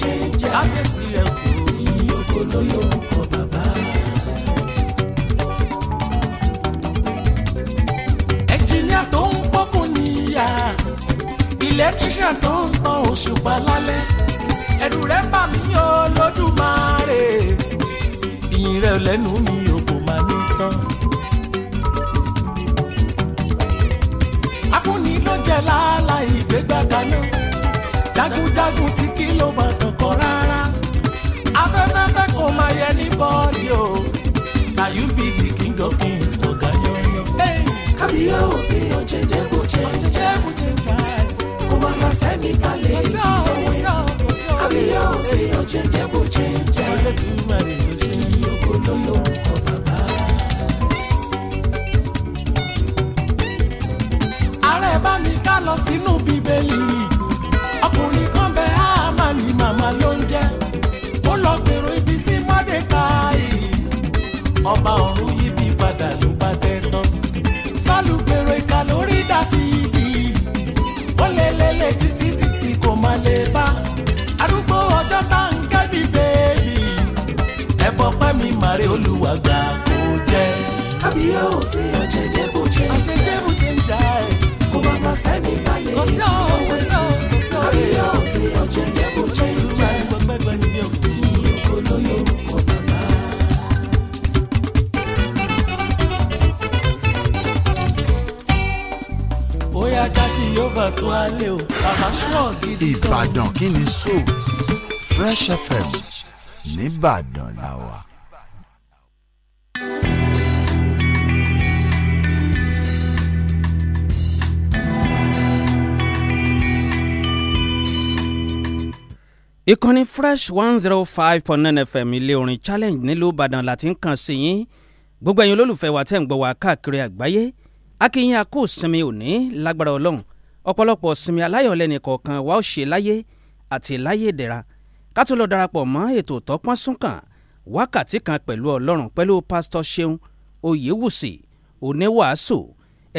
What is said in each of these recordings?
jẹ́njà. Kábíyèsí rẹ̀ kú. Ìyìn ògo ló yorùkọ bàbá. Ẹnjìníà tó ń pọ́kùn níyà. Electrician tó ń tan òṣùpá lálẹ́. Ẹ̀rù rẹ̀ bà mí Olódùmarè. Ìyìn rẹ̀ lẹ́nu mi ò kò máa ní tán. Afúnni ló jẹ láàlá Jagunjagun ti kí. anybody o oh. na you be the king of kings oga yanyan. kábíyá ò sí ọ̀jẹ̀ jẹ́bùjẹ́ kó má má sẹ́mi ta lè fi ọwẹ́ kábíyá ò sí ọ̀jẹ̀ jẹ́bùjẹ́ yòókù ló yòókù bàbá. ààrẹ bá mi ká lọ sínú bíbélì. bàbá ọ̀run yí bí padà ló bá tẹ́ tán. sálùgbèrè ìka lórí dàfi ibi ó lé lélẹ̀ títí títí kò má lè bá. arúgbó ọjọ́ tá ń kẹ́ bèbí ẹ̀bọ̀ pẹ́ mi màrí olúwa gbà kó jẹ́. kábíyá ò sí ọ̀jẹ̀dẹ̀ bò jẹ́ ń jẹ́ jẹ́ ń jà ẹ̀. kò bá bá sẹ́ni ta lè rí ọ̀wẹ́ kábíyá ò sí ọ̀jẹ̀dẹ̀ bò ajá tí yóò bá tó a lé o bàbá ṣọ́ gidi kan. Ìbàdàn kí ni so Fresh FM nìbàdàn làwà. ìkànnì fresh one zero oh five point nine fm ilé orin challenge nílùú ìbàdàn láti ń kàn sí yín gbogbo ẹ̀yin olólùfẹ́ wa tẹ̀ ń gbọ́ wa káàkiri àgbáyé akínyìn akó sinmi òní lágbára ọlọ́run ọ̀pọ̀lọpọ̀ sinmi aláyọ̀lẹ́ni kọ̀ọ̀kan wa ó ṣe láyé àti láyé ìdẹ̀ra ká tó lọ darapọ̀ mọ́ ètò tọ́pọ́n súnkàn wákàtí kan pẹ̀lú ọlọ́run pẹ̀lú pásítọ̀ ṣeun oyèwùsì oníwàásù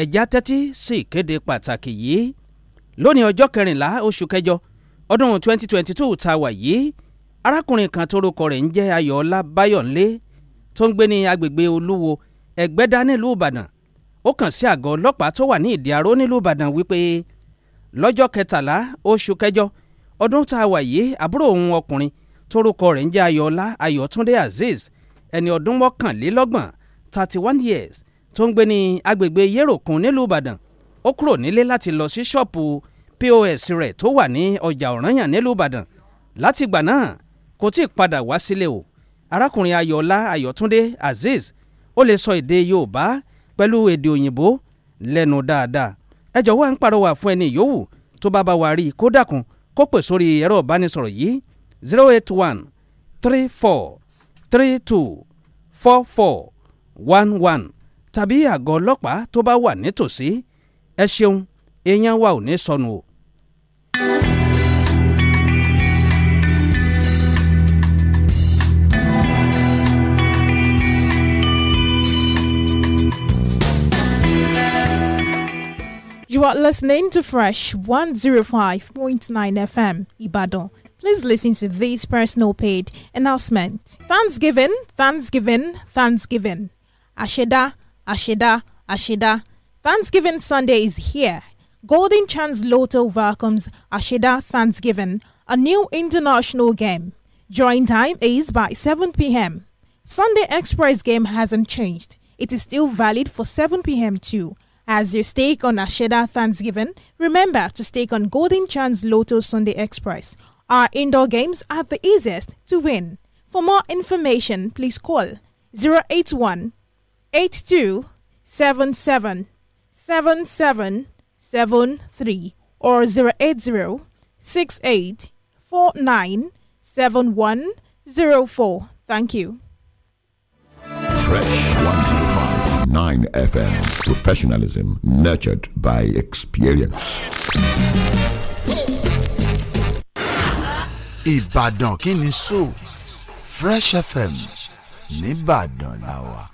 ẹ̀já tẹ́tí sí ìkéde pàtàkì yìí lónìí ọjọ́ kẹrìnlá oṣù kẹjọ ọdún 2022 tá a wà yìí arákùnrin kan tó rúkọ rẹ̀ ń jẹ́ ayọ̀ọ́lá báyọ̀nlé tó ń gbé ní agbègbè olúwo ẹ̀gbẹ́dá nílùú ìbàdàn ó kàn sí àgọ́ ọlọ́pàá tó wà ní ìdí aró nílùú ìbàdàn wípé lọ́jọ́ kẹtàlá oṣù kẹjọ ọdún tá a wà yìí àbúrò òun ọkùnrin tórúkọ rẹ̀ ń jẹ́ ayọ̀ọ́lá ayọ̀túndé azeez ẹni ọdún mọ́kànlélọ́gbọ̀n thirty one years tó ń gbé ní agbègbè yéròkun nílùú ìbàdàn ó kúrò nílé láti lọ sí ṣọ́ọ̀pù pos rẹ̀ tó wà ní ọjà ọ̀rànyàn nílùú ìbàdàn látìgbà náà kò tí ì padà wá sílé o arákùnrin ayọ̀ọ́lá ayọ̀túndé azeez ó lè sọ èdè yorùbá pẹ̀lú èdè òyìnbó lẹ́nu dáadáa ẹ wa à ń pàrọwà fún ẹni yòówù tó bá bá wa rí kó dákun kó pè sórí ẹ̀rọ ìbánisọ̀rọ̀ yìí zero eight one three four three two four four one one tàbí àgọ́ ọlọ́pàá tó bá wà nítòsí ẹ ṣeun èèyàn wa ò ní sọnù o. You are listening to Fresh 105.9 FM, Ibadan. Please listen to this personal paid announcement. Thanksgiving, Thanksgiving, Thanksgiving. Asheda, Asheda, Asheda. Thanksgiving Sunday is here. Golden Chance Lotto welcomes Asheda Thanksgiving, a new international game. Join time is by 7 p.m. Sunday Express game hasn't changed. It is still valid for 7 p.m. too as you stake on Asheda Thanksgiving, remember to stake on Golden Chance Lotto Sunday X Prize. Our indoor games are the easiest to win. For more information, please call 081 or 080 68 Thank you. Fresh 101.9 FM. Professionalism nurtured by experience. Ibadan kini so Fresh FM Nìbàdàn làwà.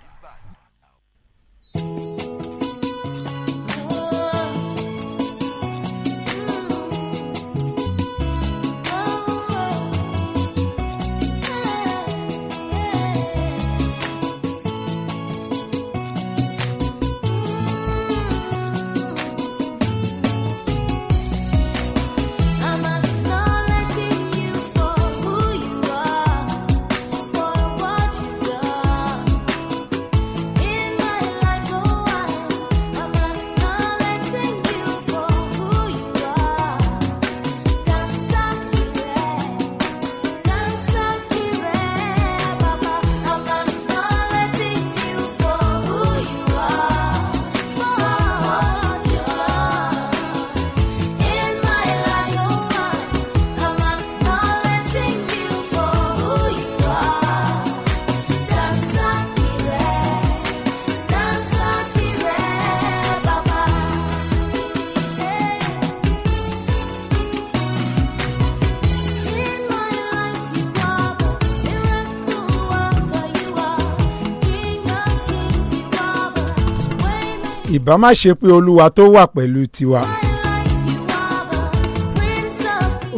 ìbá má ṣe pé olúwa tó wà pẹ̀lú tiwa.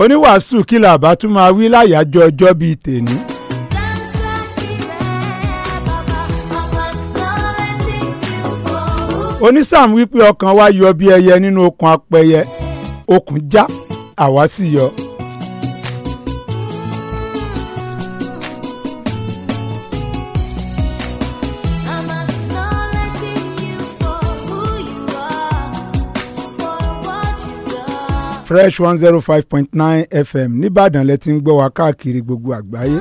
oníwàásù kìlà bá tún máa wí láyàájọ́ ọjọ́ bíi tèmi. onísàm wípé ọkàn wa yọ bí ẹyẹ nínú okùn apẹyẹ okùn já àwa sì yọ. fresh one zero oh five point nine fm nìbàdàn lẹ ti ń gbọ́ wa káàkiri gbogbo àgbáyé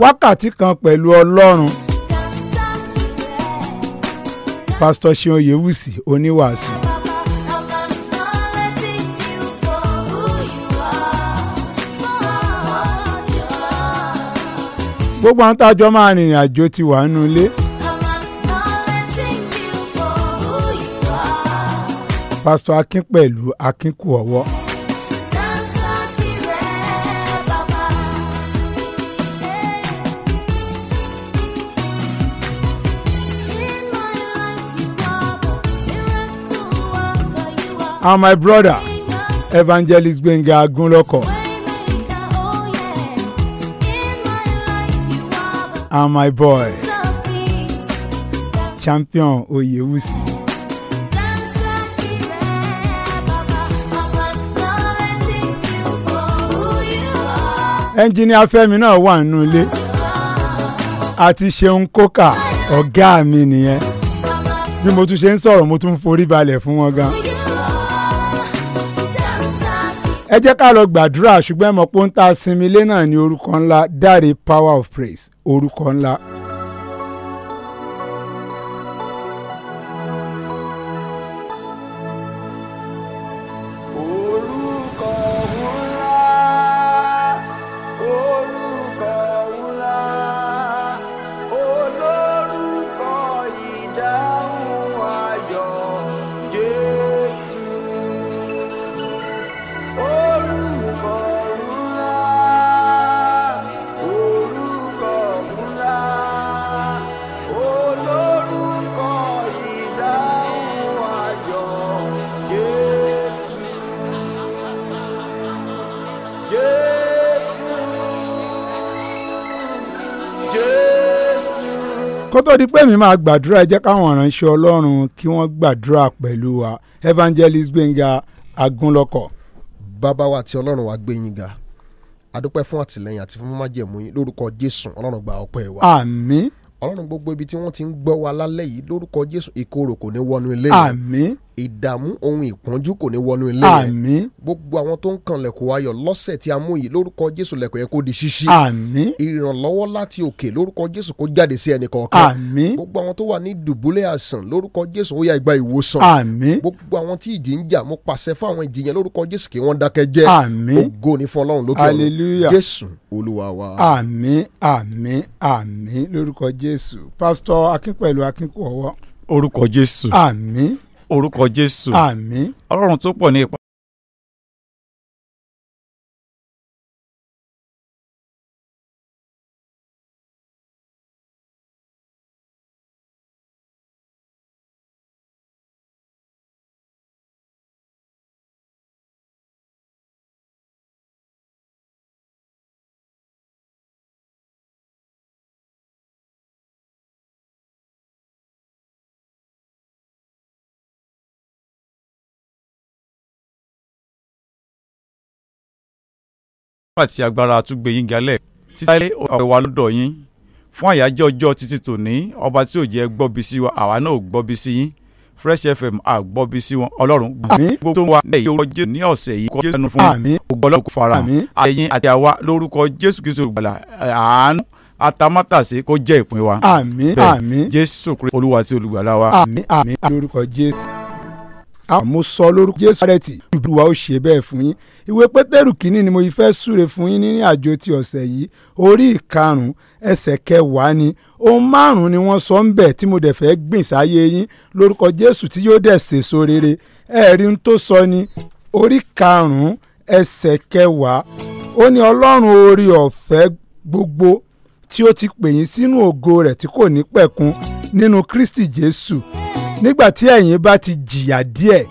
wákàtí kan pẹ̀lú ọlọ́run pásítọ̀ ṣeun oyèwùsì oníwàásù. gbogbo àwọn tá a jọ máa rìnrìn àjò ti wà nínú ilé. pásítọ̀ akin pẹ̀lú akínkù ọ̀wọ́. and ah, my brother evangelist Gbenga Agunloko and ah, my boy champion Oyewusi. ẹnjìníà Fẹ́mi náà wà nínú ilé àti Ṣeun Kókà ọ̀gá mi nìyẹn bí mo tún ṣe ń sọ̀rọ̀ mo tún ń forí balẹ̀ fún wọn gan. ẹ jẹ́ ká lọ gbàdúrà ṣùgbọ́n ẹ mọ̀ pé ń ta sinmi ilé náà ní orúkọ ńlá Dáre Power of Praise orúkọ ńlá. kó tó di pé mi máa gbàdúrà jẹ́ káwọn ìránṣẹ́ ọlọ́run kí wọ́n gbàdúrà pẹ̀lú wa evangelist gbẹ̀ngà agúnlọ́kọ̀. bàbá wa àti ọlọ́run wa gbé ga adúpẹ́ fún àtìlẹ́yìn àti fún májẹ̀mú lórúkọ jésù ọlọ́run gba ọpẹ́ wa. àmín. ọlọ́run gbogbo ibi tí wọ́n ti ń gbọ́ wa lálẹ́ yìí lórúkọ jésù ìkorò kò ní wọnú ilé yìí ìdààmú ohun ìpọ́njú kò ní wọnú ilé rẹ gbogbo àwọn tó ń kan lẹ̀kọ́ ayọ̀ lọ́sẹ̀ tí a mú yìí lórúkọ jésù lẹ̀kọ́ yẹn kó di ṣíṣí ìrànlọ́wọ́ láti òkè lórúkọ jésù kó jáde sí ẹnì kọ̀ọ̀kan gbogbo àwọn tó wà ní dùbúlẹ̀ àsàn lórúkọ jésù ó yá igba ìwòsàn gbogbo àwọn tí ìjì ń jà mo pàṣẹ fún àwọn ìjì yẹn lórúkọ jésù kí wọ́n dákẹ́ jẹ́ orúkọ jésù. àmín orúkọ jésù àmín ọlọ́run tó pọ̀ ní ipa àti agbára àtúgbẹ̀yìn galẹ̀ títí ọ̀rẹ́ wa lọ́dọ̀ yín fún àyájọ́ ọjọ́ títí tòní ọba tí ò gbọ́bi sí wa àwa náà gbọ́bi sí yín fresh fm àgbọ́bi sí wọn ọlọ́run gbogbo tó ń wa lẹ́yìn orúkọ jésù ní ọ̀sẹ̀ yìí kọ́ ẹnu fún mi ògbọ́lọ́ kò fara àyẹ̀yìn àti àwa lórúkọ jésù kristu olùgbàlà àánú atamátàsé kó jẹ́ ìpín wa àmín jésù kristu olúwa tí olùgbàlà wa àmín àmín lórúkọ jésù àmúsọ lórúkọ jésù rẹ̀tì olúwa ó ṣe bẹ́ẹ̀ fún yín ìwé pétérù kínní ni mo fẹ́ súre fún yín nínú àjò ti ọ̀sẹ̀ yìí orí ìkarùn-ún ẹsẹ̀ kẹwàá ni ohun márùn-ún ni wọ́n sọ ń bẹ̀ tí mo dẹ̀ fẹ́ gbìn sáyé yín lórúkọ jésù tí yóò dẹ̀ so rere ẹ̀rí ń tó sọ ni orí karùn-ún ẹsẹ̀ kẹwàá ó ní ọlọ́run orí ọ̀fẹ́ gbogbo tí ó ti pè yín sínú ògo rẹ̀ tí kò ní pẹ̀kun nínú kristi jésù nígbà tí ẹ̀yin bá ti jìyà díẹ̀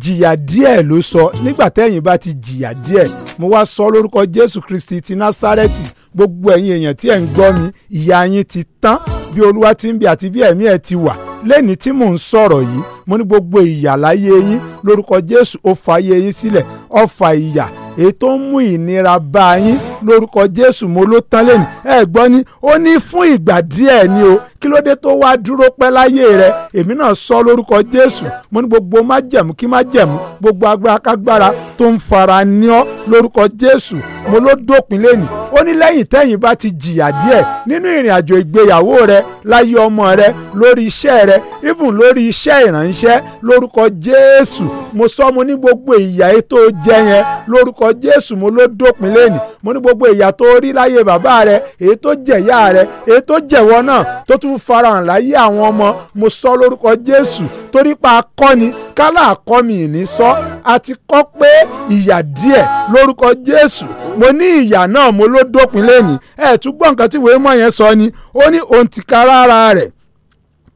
jìyà díẹ̀ ló sọ nígbà tẹ́yin bá ti jìyà díẹ̀ mo wá sọ lórúkọ Jésù Kristi ti Násárẹ́tì gbogbo ẹ̀yin èèyàn tí ẹ̀ ń gbọ́ mi ìyà yín ti tán bí Olúwa ti ń bẹ àti bí ẹ̀mí ẹ̀ ti wà lẹ́ni tí mò ń sọ̀rọ̀ yìí mo ní gbogbo ìyà yín lórúkọ Jésù ó fa ayé yín sílẹ̀ ó ìyà èyí tó ń mú ìnira bá yín lórúkọ jésù mo ló tán lẹ́nu ẹ gbọ́ ni ó ní fún ìgbà díẹ̀ ni o kí ló dé tó wá dúró pẹ́ láyé rẹ èmi náà sọ lórúkọ jésù mo ní gbogbo májẹ̀mú kí májẹ̀mú gbogbo agbára kágbára tó ń fara ní ọ lórúkọ jésù mo ló dópin lẹ́nu ó ní lẹ́yìn tẹ́yìn bá ti jìyà díẹ̀ nínú ìrìn àjò ìgbéyàwó rẹ láyé ọmọ rẹ lórí iṣẹ́ rẹ even lórí iṣẹ́ ìránṣẹ́ lórúkọ jésù mo sọ mo ní gbogbo ìyà ètò jẹ yẹn lórúkọ jésù mo ló dópin lẹ́nu mo ní gbogbo ìyà tó rí láyé bàbá rẹ èyí tó jẹ̀yà rẹ èyí tó jẹ̀wọ́ náà tó tún farahàn láyé àwọn ọmọ mo sọ lórúkọ Jésù torí pa akọ́ni kálá àkọ́mi ìní sọ àti kọ́ pé ìyà díẹ̀ lórúkọ Jésù mo ní ìyà náà mo ló dópin lẹ́ni ẹ̀ tún nǹkan tí ìwé yẹn sọ ni ó ní òun tìkára ara rẹ̀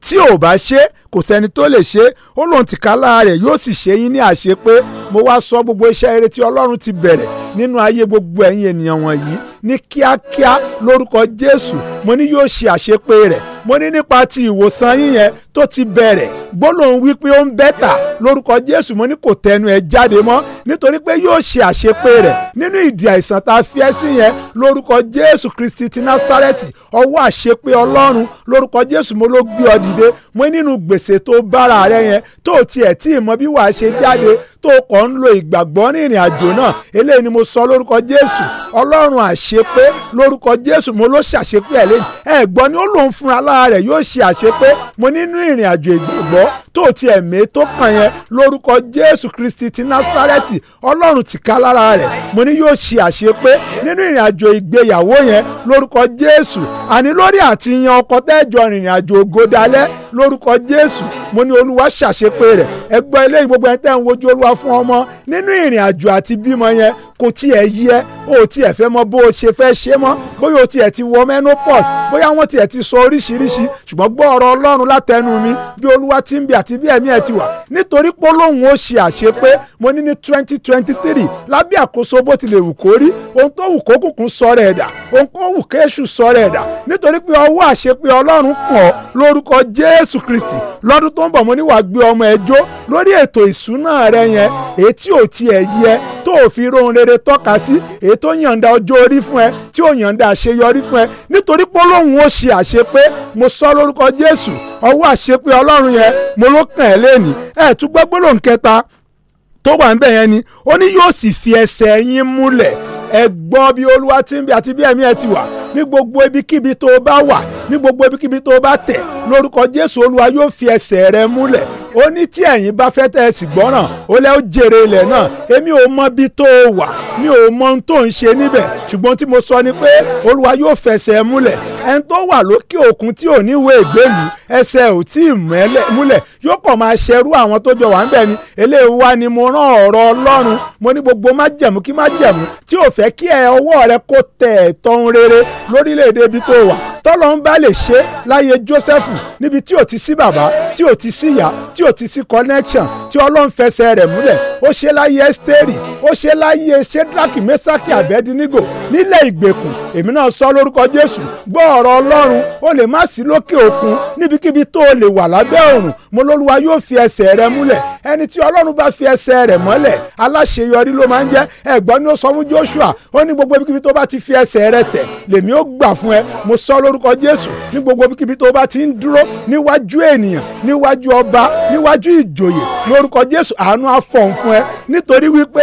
tí ò bá ṣe é kò sẹ́ni tó lè ṣe é ó lòun tìkálà rẹ̀ yóò sì ṣe yín ní àṣẹ pé mo wá sọ gbogbo iṣẹ́ eré tí ọlọ́run ti bẹ̀rẹ̀ nínú ayé gbogbo ẹ̀yin ènìyàn wọ̀nyí ní kíákíá lórúkọ jésù mo ní yóò ṣe àṣepé rẹ̀ mo ní nípa ti ìwòsàn yín yẹn tó ti bẹ̀rẹ̀ gbólóhùn wípé ó ń bẹ́tà lórúkọ jésù mo ní kò tẹnu ẹ̀ jáde mọ́ nítorí pé yóò ṣe àṣepé rẹ̀ nínú ìdí àìsàn tá a fi ẹ́ sí yẹn lórúkọ jésù kristi ti násárẹ́tì ọwọ́ àṣepé ọlọ́run lórúkọ jésù mo ló gbé ọ dìde mo nínú gbèsè gbèsè tó bára rẹ yẹn tó tiẹ̀ tí ìmọ̀ bí wàá ṣe jáde tó kàn ń lo ìgbàgbọ́ ní ìrìn àjò náà eléyìí ni mo sọ lórúkọ Jésù ọlọ́run àṣepé lórúkọ jésù mo ló ṣàṣepé ẹ̀ lẹ́yìn ẹ̀ gbọ́ ni ó lòun fúnra lára rẹ̀ yóò ṣe àṣepé mo nínú ìrìn àjò ìgbàgbọ́ tó ti ẹ̀mí tó kàn yẹn lórúkọ jésù kristi ti násárẹ́tì ọlọ́run ti ká lára rẹ̀ mo ní yóò ṣe àṣepé nínú ìrìn àjò ìgbéyàwó yẹn lórúkọ jésù àní lórí àti yan ọkọ tẹ́jọ rìnrìn àjò ògodalẹ́ lórúkọ jésù mo ní olúwa ṣàṣepé rẹ̀ ẹ gbọ́ eléyìí gbogbo ẹni tẹ́ ń wojú olúwa fún ọmọ nínú ìrìn àjò àti bímọ yẹn kò tiẹ̀ yí ẹ ò tí tiẹ̀ fẹ́ mọ bó o ṣe fẹ́ ṣe mọ́ bóyá o tiẹ̀ ti wọ menopause bóyá wọ́n tiẹ̀ ti sọ oríṣiríṣi ṣùgbọ́n gbọ́ ọ̀rọ̀ Ọlọ́run látẹnu mi bí Olúwa ti ń bẹ àti bí ẹ̀mí ẹ̀ ti wà nítorí pé ó ṣe àṣepé mo ní ní twenty twenty three lábẹ́ àkóso bó tilẹ̀ wù kó rí ohun tó wù kó kùkùn sọ̀rọ̀ ẹ̀dà ohun kó wù kéṣù sọ̀rọ̀ ẹ̀dà nítorí pé ọwọ́ àṣepé Ọlọ́run kàn lórúkọ Jésù Kristi lọ́dún tó ń bọ̀ mo ní wàá gbé ọmọ ẹ jó lórí ètò ìsúná rẹ yẹn èyí tí ò tiẹ̀ yẹ tó ò rohun rere tọ́ka sí èyí tó yàn yọ̀ǹda ọjọ́ orí fún ẹ tí ò yọ̀ǹda àṣeyọrí fún ẹ nítorí pé Ọlọ́hun ó ṣe àṣepé mo sọ lórúkọ Jésù ọwọ́ àṣepé Ọlọ́run yẹn mo ló kàn ẹ́ lẹ́nu ẹ̀ tún gbọ́gbọ́rò nkẹta tó wà ń bẹ̀ yẹn ni ó ní yóò sì fi ẹsẹ̀ yín múlẹ̀ ẹ gbọ́ bí olúwa ti ń bẹ àti bí ẹ̀mí ẹ ti wà ní gbogbo ibikíbi tó o bá wà ní gbogbo ibikíbi tó o bá tẹ̀ lórúkọ jésù olúwa yóò fi ẹsẹ̀ rẹ múlẹ̀ ó ní tí ẹ̀yin bá fẹ́ tẹ́ ẹ sì gbọ́ràn ó lẹ́ ó jèrè ilẹ̀ náà èmi ò mọ bí tó o wà mi ò mọ ohun tó ń ṣe níbẹ̀ ṣùgbọ́n tí mo sọ ni pé olúwa yóò fẹsẹ̀ múlẹ̀ ẹni tó wà lókè òkun tí ò ní ìwé ìgbélú ẹsẹ̀ ò tí ì múlẹ̀ yóò kàn máa ṣerú àwọn tó jọ wà ń bẹ̀ ni eléyìí wá ni mo rán ọ̀rọ̀ ọlọ́run mo ní gbogbo májẹ̀mú kí májẹ̀mú tí ò fẹ́ kí ẹ ọwọ́ rẹ kó tẹ̀ ẹ̀tọ́ rere lórílẹ̀‐èdè tó wà tọ́lọ́ ń bá lè ṣe láyé Joseph níbi tí ò ti sí bàbá tí ò ti sí ìyá tí ò ti sí connection tí Ọlọ́run fẹsẹ̀ rẹ̀ múlẹ̀ ó ṣe láyé Ẹ́sítérì ó ṣe láyé Ṣédrákì Mésákì Àbẹ́dínígò nílẹ̀ ìgbèkùn èmi náà sọ lórúkọ Jésù gbọ́ ọ̀rọ̀ Ọlọ́run ó lè má sí lókè òkun níbikíbi tó o lè wà lábẹ́ òrùn mo lólúwa yóò fi ẹsẹ̀ rẹ̀ múlẹ̀ ẹni tí Ọlọ́run bá fi ẹsẹ̀ rẹ̀ mọ́lẹ̀ aláṣeyọrí ló máa ń jẹ́ ẹ̀gbọ́n ni ó sọ fún Joshua ó ní gbogbo ibikíbi tó bá ti fi ẹsẹ̀ rẹ̀ tẹ̀ lèmi ó gbà fún ẹ mo sọ lórúkọ jésù ní gbogbo kíbi tó bá ti ń dúró níwájú ènìyàn níwájú ọba níwájú ìjòyè lórúkọ jésù àánú àfọ̀n fún ẹ nítorí wípé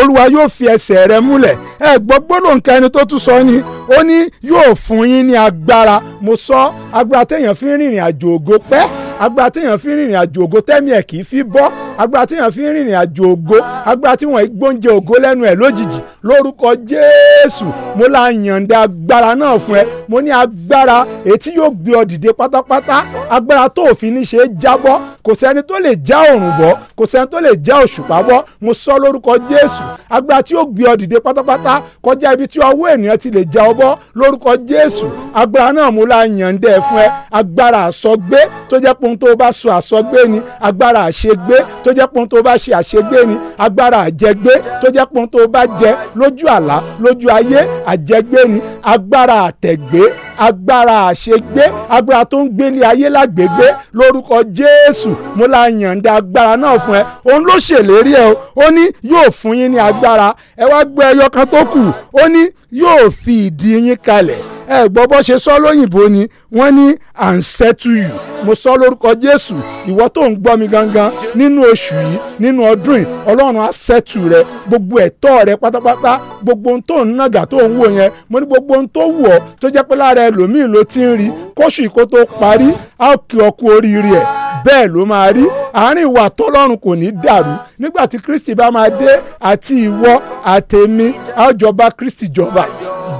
olúwa yóò fi ẹsẹ̀ rẹ múlẹ̀ ẹ gbọ́ gbọ́dọ̀ nǹkan ẹni tó tún sọ ni ó ní yóò fún yín ní agbára mo sọ agbára téèyàn fi ń rìnrìn àjò ògo pẹ́ agbára téèyàn fi rìnrìn àjò ògo tẹ́mi ẹ̀ kì í fi bọ́ agbára téèyàn fi rìnrìn àjò ògo agbára tí wọ́n gbóúnjẹ ògo lẹ́nu ẹ̀ lójijì lórúkọ Jésù mo la yànda agbára náà fún ẹ mo ní agbára ètí yóò gbé ọ dìde pátápátá agbára tó òfin ní ṣe é jábọ́ kò sẹ́ni tó lè já òrùn bọ́ kò sẹ́ni tó lè já òṣùpá bọ́ mo sọ lórúkọ Jésù agbára tí yóò gbé ọ dìde pátápátá kọjá ibi tí ọwọ́ ènìyàn ti lè já ọ bọ́ lórúkọ Jésù agbára náà mo la yànda ẹ fún ẹ agbára àsọgbé tó jẹ́ pé ohun tó bá sọ àsọgbé ni agbára àṣegbé tó jẹ́ pọ́n tó bá ṣe àṣegbé ni agbára àjẹgbé tó jẹ́ pọ́n tó bá jẹ lójú àlá lójú ayé àjẹgbé ni agbára àtẹ̀gbé agbára àṣegbé agbára tó ń gbélé ayé lágbègbè lórúkọ Jésù mo la yànda agbára náà fún ẹ òun ló ṣèlérí ẹ ó ní yóò fún yín ní agbára ẹ wá gbé ẹyọ kan tó kù ó ní yóò fi ìdí yín kalẹ̀ ẹ gbọ́ bọ́ ṣe sọ lóyìnbó ni wọ́n ní à ń ṣẹ́tù yù mo sọ lórúkọ jésù ìwọ tó ń gbọ́ mi gangan nínú oṣù yìí nínú ọdún yìí ọlọ́run á ṣẹ́tù rẹ gbogbo ẹ̀tọ́ rẹ pátápátá gbogbo ohun tó ń nàgà tó ń wò yẹn mo ní gbogbo ohun tó wù ọ́ tó jẹ́ pé lára ẹlòmíì ló ti ń rí kóṣù ìkó tó parí á kí ọ kú oríire ẹ̀ bẹ́ẹ̀ ló máa rí àárín ìwà tọ́lọ́run kò ní dàrú nígbà tí kristi bá máa dé àti ìwọ àtèmi àjọba kristi jọba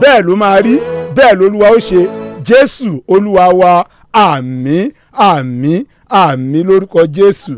bẹ́ẹ̀ ló máa rí bẹ́ẹ̀ lolúwa ó ṣe jésù olúwa wa àmín àmín àmín lórúkọ jésù.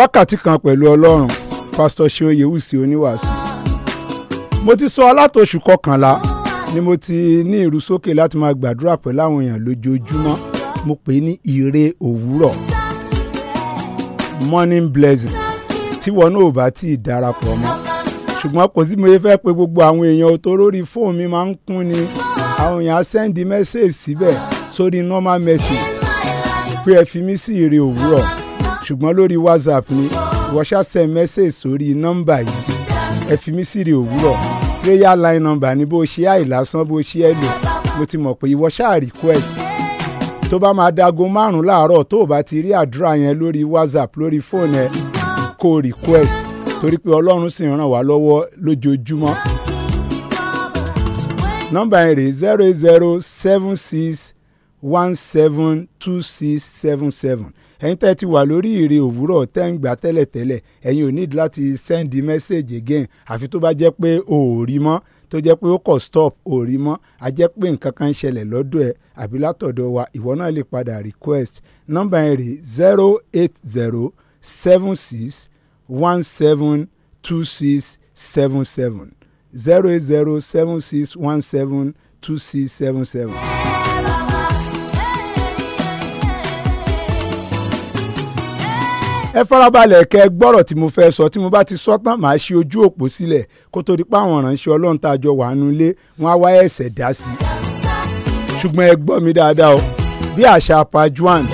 wákàtí kan pẹ̀lú ọlọ́run pásítọ̀ ṣeun yewusi oníwàásù mo ti sọ alátòṣù kọkànlá ni mo ti ní ìrúsókè láti máa gbàdúrà pẹ̀lú àwọn èèyàn lójoojúmọ́ mo pè é ní ire òwúrọ̀ morning blessing tí wọn náà bá tí ì darapọ̀ mọ́ ṣùgbọ́n kò sí mo yẹ fẹ́ pe gbogbo àwọn èèyàn tó lórí fóònù mi máa ń kún ni àwọn èèyàn á sẹ́ndí mẹ́sẹ̀ẹ̀sì síbẹ̀ sórí normal message pé ẹ fi mí sí ire òwúrọ̀ ṣùgbọ́n lórí whatsapp ni ìwọ ṣá send message sórí nọ́mbà yìí ẹ fi mí síre òwúrọ̀ prayer line number ni bó ṣe àìlásán bó ṣe ẹ lò mo ti mọ̀ pé ìwọ request tó bá máa dago márùn láàárọ̀ tó o bá ti rí àdúrà yẹn lórí whatsapp lórí fóònù ẹ kó request torí pé ọlọ́run sì ràn wá lọ́wọ́ lójoojúmọ́ nọ́mbà yẹn rèé zero zero seven six one seven two six seven seven ẹ̀yin tẹ́ ti wà lórí ìrè òwúrọ̀ tẹ́ ń gbà tẹ́lẹ̀tẹ́lẹ̀ ẹ̀yin ò need láti send message again àfi tó bá jẹ́ pé o ò rí mọ́ tó jẹ́ pé ó kọ̀ stop ò rí mọ́ a jẹ́ pé nǹkan kan ń ṣẹlẹ̀ lọ́dọ̀ ẹ̀ àbí látọ̀dọ̀ wa ìwọ náà lè padà request nọ́mbà yẹn rè zero eight zero seven six one seven two six seven seven zero eight zero seven six one seven two six seven seven. ẹ farabalẹ̀ kẹ́ gbọ́rọ̀ tí mo fẹ́ sọ tí mo bá ti sọ tán màá ṣe ojú òpó sílẹ̀ kó tó di pa àwọn ìránṣẹ́ ọlọ́run tá a jọ wà nínú ilé wọn á wá ẹ̀sẹ̀ dá sí i ṣùgbọ́n ẹ gbọ́ mi dáadáa o bí àṣà pajuan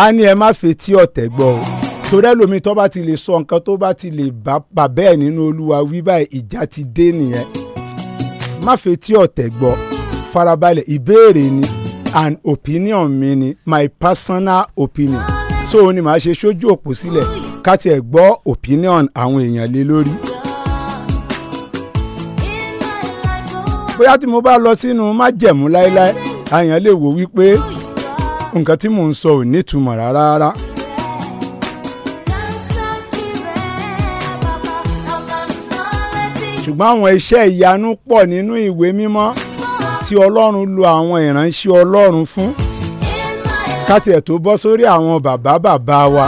a ní ẹ má fetí ọ̀tẹ̀ gbọ́ o torí ẹlòmíì tó bá ti lè sọ nǹkan tó bá ti lè bà bẹ́ẹ̀ nínú olúwa wí ìjà ti dé nìyẹn má fetí ọ̀tẹ̀ gbọ́ farabalẹ̀ ìbéèrè ni an opinion mi ni my personal opinion so òun ni màá ṣe sójú òpó sílẹ̀ ká tiẹ̀ gbọ́ opinion àwọn èèyàn lé lórí. bóyá tí mo bá lọ sínú májẹ̀mú láéláé àyàn lè wò wípé nǹkan tí mò ń sọ ò nítumọ̀ rárá rárá. ṣùgbọ́n àwọn iṣẹ́ ìyanu pọ̀ nínú ìwé mímọ́ tí Ọlọ́run lo àwọn ìránṣẹ́ Ọlọ́run fún káti ẹ̀ tó bọ́ sórí àwọn bàbá bàbá wa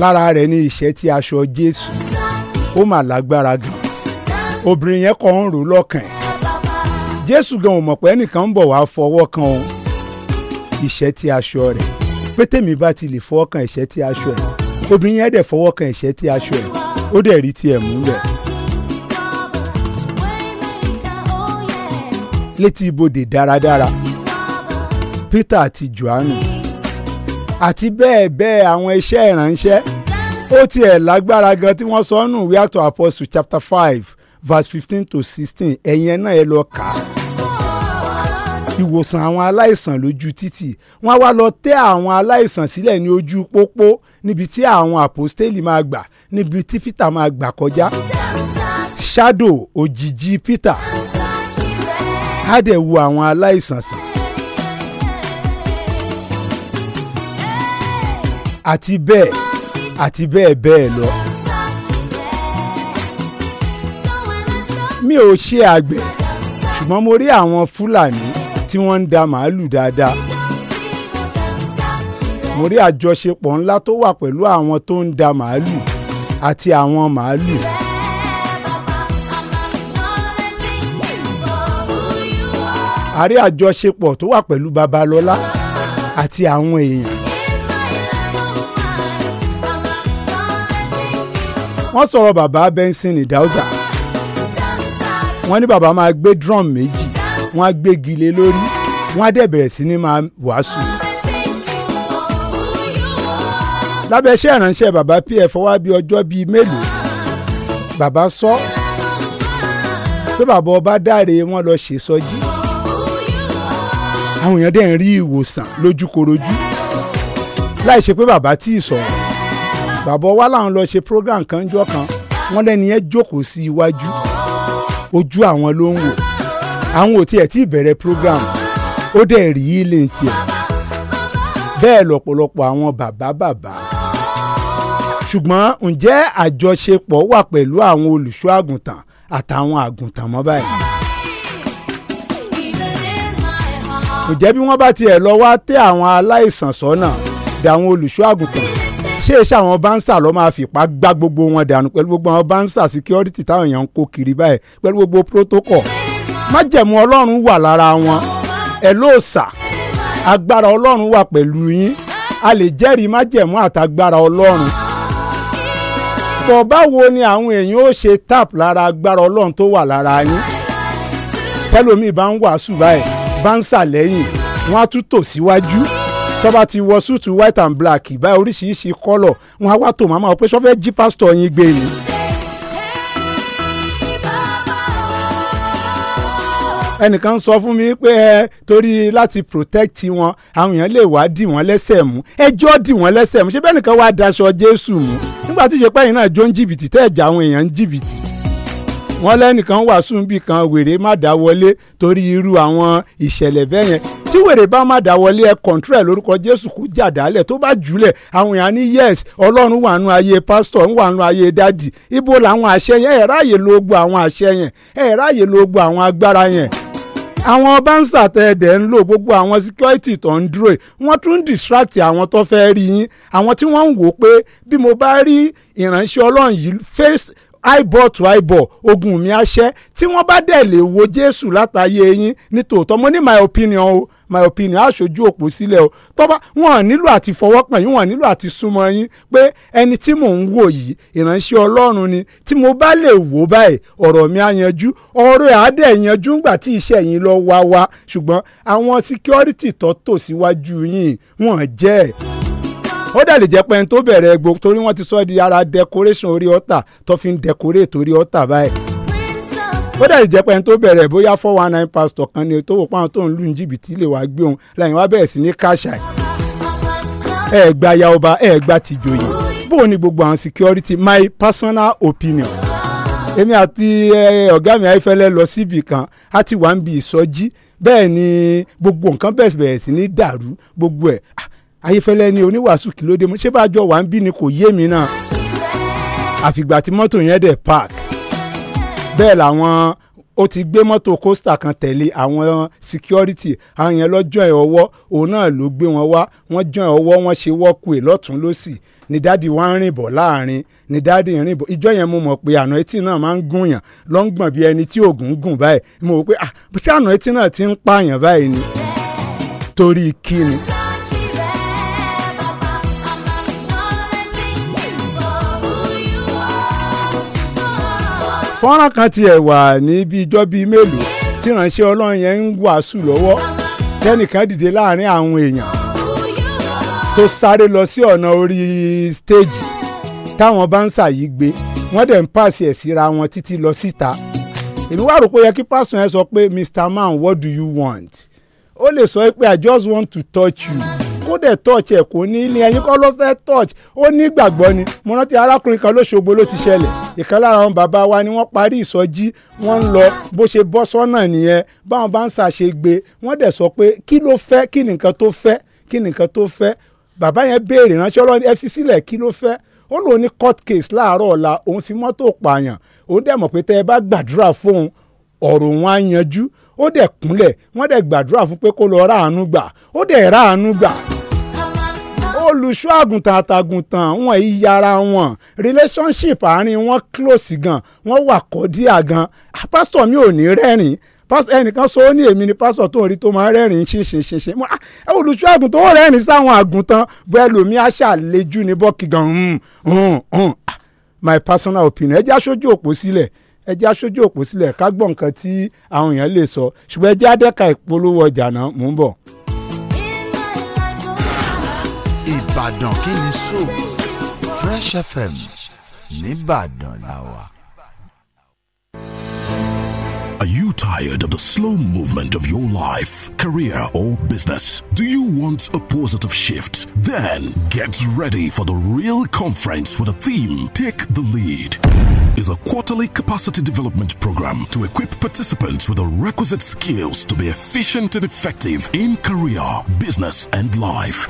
lára rẹ̀ ni ìṣẹ́ tí aṣọ Jésù ó mà lágbára gan obìnrin yẹn kàn ń rò lọ́kàn Jésù gan ò mọ̀ pé ẹnìkan ń bọ̀ wá fọwọ́ kan o ìṣẹ́ tí aṣọ rẹ̀ pé bá ti lè fọwọ́ kan ìṣẹ́ tí aṣọ ẹ̀ obìnrin yẹn dẹ̀ fọwọ́ kan ìṣẹ́ tí aṣọ ẹ̀ ó dẹ̀ rí tiẹ̀ múlẹ̀. létí ibodè dáradára. Dára. Peter àti Jòhánù àti bẹ́ẹ̀ bẹ́ẹ̀ àwọn iṣẹ́ ìránṣẹ́ ó tiẹ̀ lágbára gan tí wọ́n sọ ọ́ nù ìwé àtọ̀ Apostle chapter five verse fifteen to sixteen ẹ̀yin náà ẹ lọ kà á ìwòsàn àwọn aláìsàn lójú títì wọ́n wá lọ tẹ́ àwọn aláìsàn sílẹ̀ ní ojú pópó níbi tí àwọn àpòstélì máa gbà níbi tí Peter máa gbà kọjá ṣádò òjìji Peter á dẹ̀ wo àwọn aláìsàn sàn àti bẹ́ẹ̀ àti bẹ́ẹ̀ bẹ́ẹ̀ lọ. mi ò ṣe àgbẹ̀ ṣùgbọ́n mo rí àwọn Fúlàní tí wọ́n ń da màálù dáadáa. mo rí àjọṣepọ̀ ńlá tó wà pẹ̀lú àwọn tó ń da màálù àti àwọn màálù. a rí àjọṣepọ̀ tó wà pẹ̀lú Babalọ́lá àti àwọn èèyàn. wọ́n sọ̀rọ̀ bàbá Benson Idauza wọ́n ní bàbá máa gbé drum méjì wọ́n á gbégi lé lórí wọ́n á dẹ̀ bẹ̀rẹ̀ sí ní máa wàásù. lábẹ́ iṣẹ́ ìránṣẹ́ bàbá pf wá bí ọjọ́ bíi mélòó bàbá sọ pé bàbá ọba dáre wọ́n lọ ṣe sọjí àwọn èèyàn dẹ̀ ń rí ìwòsàn lójúkorojú láì ṣe pé bàbá tí ì sọ̀rọ̀ bàbá wa làwọn lọ ṣe program kan jọ kan wọ́n lẹ́ni yẹn jókòó sí iwájú ojú àwọn ló ń wò àwọn ò tiẹ̀ tí bẹ̀rẹ̀ program ó dẹ̀ rí ilé tiẹ̀ bẹ́ẹ̀ lọ́pọ̀lọpọ̀ àwọn bàbá bàbá ṣùgbọ́n ǹjẹ́ àjọṣepọ̀ wà pẹ̀lú àwọn olùṣọ́ àgùntàn àtàwọn àgùntàn mọ́ báyìí. ǹjẹ́ bí wọ́n bá tiẹ̀ lọ wá tẹ́ àwọn aláìsàn sọ́nà dàwọn olùṣọ́ àgùntàn ṣé ṣé àwọn báńsà lọ́ máa fipá gbá gbogbo wọn dànù pẹ̀lú gbogbo àwọn báńsà síkírọ́tì táwọn èèyàn ń kó kiri báyìí pẹ̀lú gbogbo protocol májẹ̀mú ọlọ́run wà lára wọn ẹ̀ lóòsà agbára ọlọ́run wà pẹ̀lú yín a lè jẹ́rìí májẹ̀mú àtagbára ọlọ́run bọ̀ báwo ni àwọn èèyàn ó ṣe tap lára agbára ọlọ́run tó wà lára yín tẹ́lómi bá ń wàásù báyìí bá ń wọ́n á tún tò síwájú. Si tọ́ba ti wọ súùtù white and black ìbá oríṣiríṣi kọ́lọ̀ wọn á wá tò màmá ọ pé sọfẹ́ jí pásítọ̀ yín gbé ni. ẹnìkan sọ fún mi pé ẹ torí láti protect wọn àwọn èèyàn lè wá dì wọ́n lẹ́sẹ̀ mú ẹjọ́ dì wọ́n lẹ́sẹ̀ mú ṣé bẹ́ẹ̀ nìkan wá daṣọ Jésù mú nígbà tí ìṣepẹ́ yìí náà jó ń jìbìtì tẹ́ ẹ̀já àwọn èèyàn ń jìbìtì wọ́n lẹ́nìkan wàásù níbì kan wèrè má dá wọlé torí irú àwọn ìṣẹ̀lẹ̀ bẹ́ẹ̀ yẹn tí wèrè bá má dá wọlé ẹ kọ̀ǹtúrà ẹ̀ lórúkọ jésù kú jàdálẹ̀ tó bá jùlẹ̀ àwọn èèyàn ní yes ọlọ́run wà nù ayé pásítọ̀ ń wà nù ayé dádì ibo làwọn àṣẹ yẹn ẹ̀ ráàyè ló gbọ́ àwọn àṣẹ yẹn ẹ̀ ráàyè ló gbọ́ àwọn agbára yẹn àwọn báńsà tẹ ẹdẹ ń lò gbogbo àwọn security tó ń dúró wọ́n tún ń distract àwọn tó fẹ́ rí yín àwọn tí wọ́n ń wò pé bí mo bá rí ìránṣẹ́ ọlọ́run yìí face eyeball to eyeball ogun mi àṣẹ tí wọ́n bá dẹ̀ lè wo jésù látàyè yín ní tòótọ́ mo ní my opinion o my opinion aṣojú òpó sílẹ̀ o tọ́ba wọn nílò àti fọwọ́pàn yín wọn nílò àti súnmọ́ yín pé ẹni tí mò ń wò yìí ìránṣẹ́ ọlọ́run ni tí mo bá lè wò báyìí ọ̀rọ̀ mi á yanjú ọ̀rọ̀ ẹ̀ yanjú ńgbà tí iṣẹ́ yín lọ wá wá ṣùgbọ́n àwọn security tó tò síwájú yín wọ́n jẹ́ ẹ̀ ó dẹ̀ lè jẹ́ pé ẹni tó bẹ̀rẹ̀ egbò torí wọ́n ti sọ di ara decoration orí ọ̀tà tó fi ń decorate orí ọ̀tà báyìí ó dẹ̀ lè jẹ́ pé ẹni tó bẹ̀rẹ̀ bóyá four one nine pastor kan ni tó wò pa àwọn tó ń lù ní jìbìtì lè wá gbé òun lẹ́yìn wá bẹ̀rẹ̀ sí ní káṣà ẹ̀ gba ya ọba ẹ̀ gba tìjòyè bó ni gbogbo àwọn security my personal opinion èmi àti ọ̀gá mi ayífẹ́lẹ́ lọ síbì kan á ti wà ń bi ìsọjí bẹ́ẹ̀ ni gbogbo nǹkan bẹ̀rẹ̀ sí ní dàrú gbogbo ẹ̀ ah, ayéfẹ́lẹ́ ni oníwàásù kìlódé mo ṣé bá jọ wà ń bí ni kò yé mi náà àfìgbà tí mọ́tò yẹn dẹ̀ park bẹ́ẹ̀ làwọn ó ti gbé mọ́tò coaster kan tẹ̀lé àwọn security àwọn yẹn lọ́jọ́ ẹ̀ ọwọ́ òun náà ló gbé wọn wá wọ́n jọ ẹ̀ ọwọ́ wọ́n ṣe wọ́ọ̀kù ẹ̀ lọ́tún lọ́sì ni dáàdi wa ń rìn bọ̀ láàrin ni dáàdi ń rìn bọ̀ ìjọ yẹn mo mọ̀ pé àná etí náà máa ń gùn yàn lọ́ngbọ̀n bíi ẹni tí oògùn gùn báyìí mo rò pé ah ṣé àná etí náà ti ń pààyàn báyìí ni torí kí ni. fọ́nrán kan ti ẹ̀ wà níbi ijọ́ bíi mélòó tí ìránṣẹ́ ọlọ́run yẹn ń wàásù lọ́wọ́ tẹ́nìkan dìde láàrin àwọn èèyàn tó sáré lọ sí ọ̀nà orí stéèjì táwọn bá ń ṣàyí gbé wọ́n dẹ̀ ń pàṣẹ ẹ̀ wọn títí lọ síta èmi wá rò pé yẹ kí pásítọ̀ yẹn sọ pé Mr Man what do you want ó lè sọ pé I just want to touch you kó dẹ̀ touch ẹ̀ kó ní ilé ẹyin kọ́ ló fẹ́ touch ó ní ìgbàgbọ́ ni mo rántí arákùnrin kan lóṣogbo ló ti ṣẹlẹ̀ ìkan lára àwọn bàbá wa ni wọ́n parí ìsọjí wọ́n ń lọ bó ṣe bọ́ sọ́nà nìyẹn báwọn bá ń ṣàṣegbè wọ́n dẹ̀ sọ pé kí ló fẹ́ kí nìkan tó fẹ́ kí nìkan tó fẹ́ bàbá yẹn béèrè ránṣẹ́ ọlọ́run ẹ fi sílẹ̀ kí ló fẹ́ ó lòun ní court case láàárọ̀ ọ̀la òun fi mọ́tò pààyàn òun dẹ̀ mọ̀ pé tẹ́ ẹ bá gbàdúrà fóun ọ̀rọ̀ wọn á yanjú ó dẹ̀ kúnlẹ̀ wọ́n dẹ̀ gbàdúrà fún pé kó lọ ráàánú gbà ó dẹ̀ ráàánú gbà olùṣọ́ àgùntàn àtàgùntàn wọn èyí yára wọn relationship àárín wọn close gan wọn wà kọ́díà gan ah, pásítọ̀ mi ò ní rẹ́rìn ẹnìkan sọ ó ní èmi ni pásítọ̀ tó ń rí tó máa ń rẹ́rìn ṣinṣinṣinṣin ah, olùṣọ́ àgùntàn ó rẹ́rìn sáwọn àgùntàn bẹ́ẹ̀ lómi àṣà lejú ní bọ́ọ̀kì gan hmm, hmm, hmm. Ah, my personal opinion ẹ jẹ́ aṣojú òpó sílẹ̀ ẹ jẹ́ aṣojú òpó sílẹ̀ ká gbọ́ nǹkan tí àwọn èèyàn lè sọ ṣùgbọ́n ẹ jẹ́ adẹ́ka ìpolówó ọjà náà mò ń bọ̀. Ìbàdàn kí ni sọ Fresh FM nìbàdàn làwà. tired of the slow movement of your life, career, or business? Do you want a positive shift? Then get ready for the real conference with a theme Take the Lead. Is a quarterly capacity development program to equip participants with the requisite skills to be efficient and effective in career, business, and life.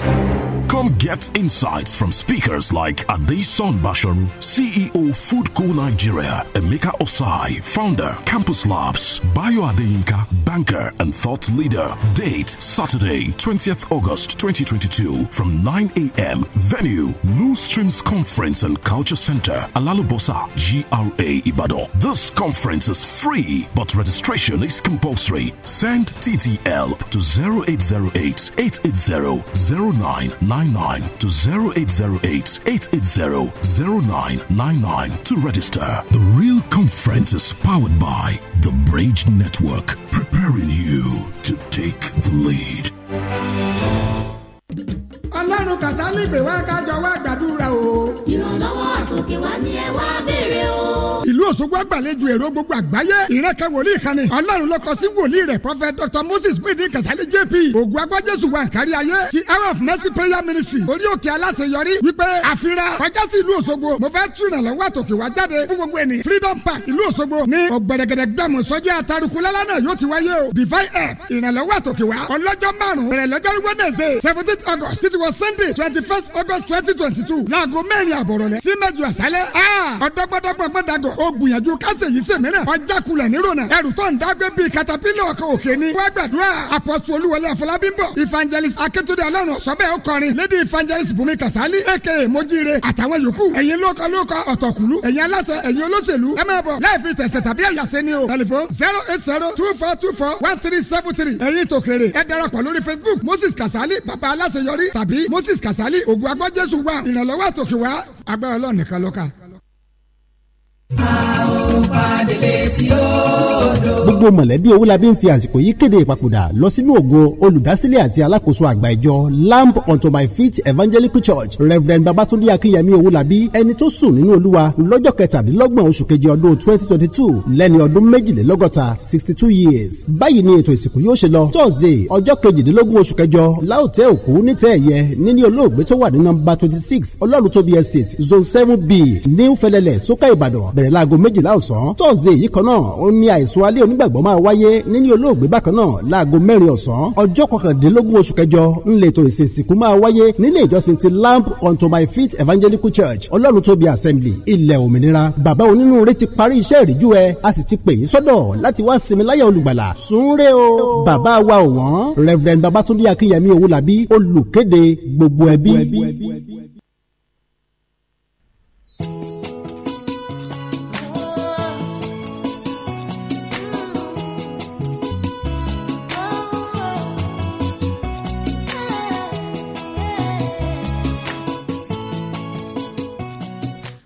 Come get insights from speakers like Adeson Basharu, CEO Foodco Nigeria, Emeka Osai, founder Campus Labs, Bayo Adeyinka, banker and thought leader. Date Saturday, 20th August 2022 from 9 a.m. Venue New Streams Conference and Culture Center, Alalubosa, GRA Ibadan. This conference is free, but registration is compulsory. Send TTL to 0808 880 0999 to 0808 880 0999 to register. The real conference is powered by The Bridge Network, preparing you to take the lead. ọlọ́run wá kájọ wá gbàdúrà o. ìrànlọ́wọ́ àtòkè wá ní ẹ wá o. Òṣogbo agbàlejò èrò gbogbo àgbáyé ìrẹ́kẹ̀ wòlíì kani ọlọ́run ló kọ sí wòlíì rẹ̀ Prophet Dr. Moses Bidi Kasali JP ògùn agbájésù wa kárí ayé ti Hour of Mercy Prayer Ministry orí òkè aláṣeyọrí wípé àfira kọjá sí ìlú Òṣogbo mo fẹ́ tún ìrànlọ́wọ́ àtòkè wá jáde fún gbogbo ẹni Freedom Park ìlú Òṣogbo ní ọ̀gbẹ̀rẹ̀gẹ̀dẹ̀ gbàmù sọ́jà àtàrúkú yóò ti gbìyànjú kásẹ̀ yìí sè mìíràn ọjà kulẹ̀ nírònà ẹrù tó ń dágbé bíi katapila ọkọ̀ òkè ni wọ́n gbàdúrà àpọ̀tù olúwọlé àfọlábí ń bọ̀ evangelist akétúndé ọlọ́run ọ̀sọ́bẹ̀ ọkọrin lady evangelist bùnmi kàsálí aka mojire àtàwọn yòókù ẹ̀yin lóko lóko ọ̀tọ̀kùlú ẹ̀yin aláṣẹ ẹ̀yin olóṣèlú ẹ máa bọ̀ láìfi tẹ̀sẹ̀ tàbí ẹ̀yà ni o telephone zero eight zero two four two four one three seven three ẹ̀yin tòkèrè ẹ darapọ̀ lórí facebook moses kàsálí bàbá aláṣeyọrí tàbí moses Kasali. ògùn agbọ́jésù wa ìrànlọ́wọ́ àtòkè wa agbára ọlọ́ọ̀nìkan lọ́ka. Ah, ń padìlẹ̀ tí ó dò. gbogbo mọ̀lẹ́bí Owólabí ń fi àsìkò yìí kéde ìpapòdà lọ sínú ògo olùdásílẹ̀ àti alákòóso àgbà ìjọ lamp unto my feet evangelical church reverend babatunde akinyemi Owólabí ẹni tó sùn nínú olúwa lọ́jọ́ kẹtàdínlọ́gbọ̀n oṣù keje ọdún twenty twenty two lẹ́ni ọdún méjìlélọ́gọ́ta sixty two years báyìí ni ètò ìsìnkú yóò ṣe lọ thursday ọjọ́ kejìdínlógún oṣù kẹjọ láòtẹ́ òkú nítẹ́ ẹ̀yẹ níní olóògbé tó wà ní nọ́mbà twenty six ọlọ́run tóbi estate zone seven b new fẹlẹ́lẹ̀ sókà ìbàdàn bẹ̀rẹ̀ láago méjìlá ọ̀sán ọ̀sán thursday yìí kan náà ó ní àìsùn alẹ́ onígbàgbọ́ máa wáyé nílé olóògbé bákan náà láago mẹ́rin ọ̀sán ọjọ́ kọkàndínlógún oṣù kẹjọ ńlẹ̀tọ̀ ìsìn ìsìnkú máa wáyé nílé ìjọsìn ti lamp unto my feet evangelical church ọlọ́run tóbi assembly ilẹ̀ òmìnira bàbá onínúure ti parí iṣẹ́ ìríjú ẹ a sì ti pè yín sọ́dọ̀ láti wá sinmi láyà olùgbàlà súnre o bàbá wa ò wọ́n reverend babatunde akínyẹmí owólabí olùkéde gbogbo ẹbí.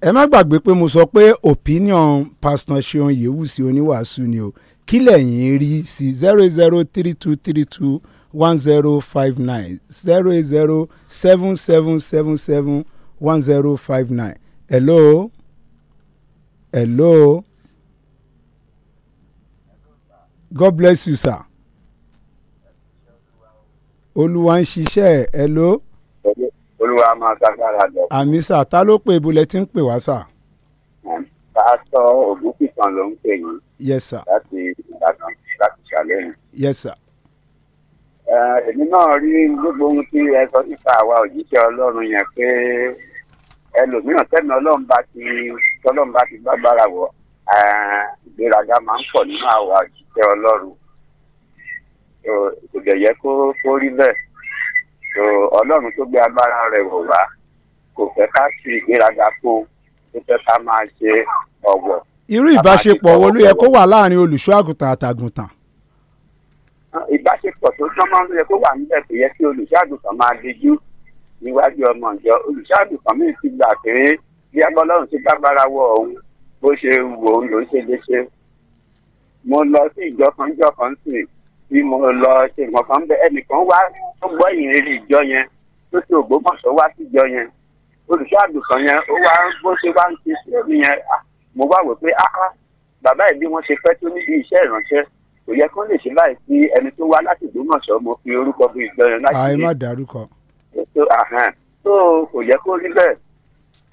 ẹ má gbàgbé pé mo sọ pé opinion pastor seun yewusi oníwàásù ni o kí lẹ́yìn rí sí zero eight zero three two three two one zero five nine zero eight zero seven seven seven seven one zero five nine hello hello god bless you sir olúwa ń ṣiṣẹ́ hello. hello? olúwa máa ṣàgbára lọ. àmì sà ta ló pè ibùlẹ̀ tí ń pè wá sà. pásítọ̀ ògúnpìtàn ló ń pè yín. yes sir. láti ìbàdàn láti ṣàlẹ́ yìí. yes sir. èmi náà rí gbogbo ohun tí ẹ sọ nípa àwa òjíṣẹ́ ọlọ́run yẹn pé ẹlòmíràn tẹ́mi ọlọ́run bá ti tọ́lọ́run bá ti gbàgbára wọ̀ ìgbéraga máa ń pọ̀ nínú àwa òjíṣẹ́ ọlọ́run kò dẹ̀ yẹ kó rí bẹ́ẹ̀ ọlọ́run tó gbé agbára rẹ̀ wọ̀ wá kò fẹ́ ká sí ìgbéraga kó tó fẹ́ ká máa ṣe ọ̀wọ̀. irú ìbáṣepọ̀ wo ló yẹ kó wà láàrin olùṣọ́ àgùntàn àtàgùntàn. ìbáṣepọ̀ tó tán máa ń yẹ kó wà níbẹ̀ kò yẹ kí olùṣọ́ àgùntàn máa dijú níwájú ọmọ ìjọ olùṣọ́ àgùntàn mi ti gbà pé bí agbọ́lọ́run ti gbàgbára wọ òun bó ṣe wù òun ló ṣe léṣe mo lọ sí ìjọ kan ìjọ kan sí tí mo lọ ṣe nǹkan kan bẹ ẹnìkan wá tó gbọ́ ìrírí ìjọ yẹn tó ṣe ògbómọ̀ṣọ́ wá síjọ yẹn olùṣọ́ àgùntàn yẹn ó wá bó ṣe wá ń ṣe sílẹ̀ yẹn ah, mo wá wò pé áá ah, ah, bàbá ìbí wọn ṣe fẹ́ tó níbi iṣẹ́ ìránṣẹ́ kò yẹ kán lè ṣe láì sí ẹni tó wá láti ògbómọ̀ṣọ́ mo fi orúkọ bí ìjọ yẹn láti ṣe. àì má dárúkọ. tó kò yẹ kó rí bẹ́ẹ̀